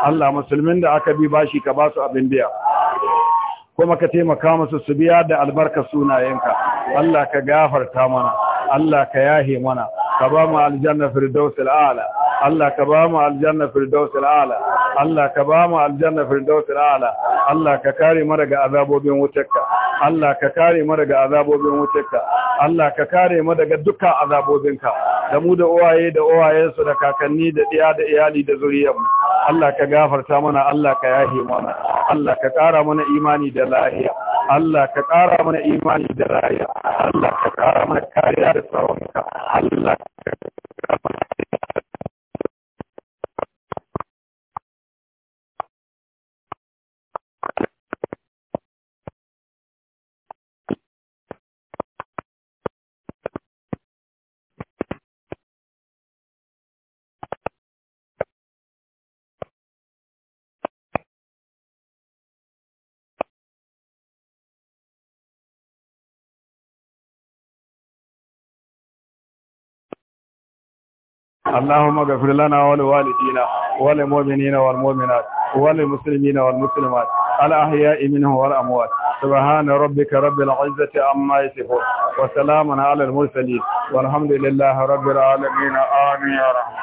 [SPEAKER 1] Allah musulmin da aka bi bashi ka ba su abin biya kuma ka taimaka musu su biya da albarka sunayenka Allah ka gafarta mana Allah ka yahe mana ka ba mu aljanna firdaus al'ala Allah ka ba mu aljanna firdaus al'ala Allah ka ba mu aljanna firdaus al'ala Allah ka kare mu daga azabobin wutarka Allah ka kare mu daga azabobin wutarka Allah ka kare mu daga dukkan azabobinka da mu da uwaye da uwayensu da kakanni da ɗiya da iyali da zuriyarmu Allah ka gafarta mana Allah ka yahe mana Allah ka kara mana imani da lahiya Allah ka ƙara mana imani da rayuwa Allah ka ƙara mana kariya da
[SPEAKER 3] tsaronka Allah ka ƙara mana اللهم اغفر لنا ولوالدينا وللمؤمنين والمؤمنات وللمسلمين
[SPEAKER 1] والمسلمات الأحياء منهم والأموات سبحان ربك رب العزة
[SPEAKER 3] عما يصفون وسلام على المرسلين والحمد لله رب العالمين آمين يا رحمن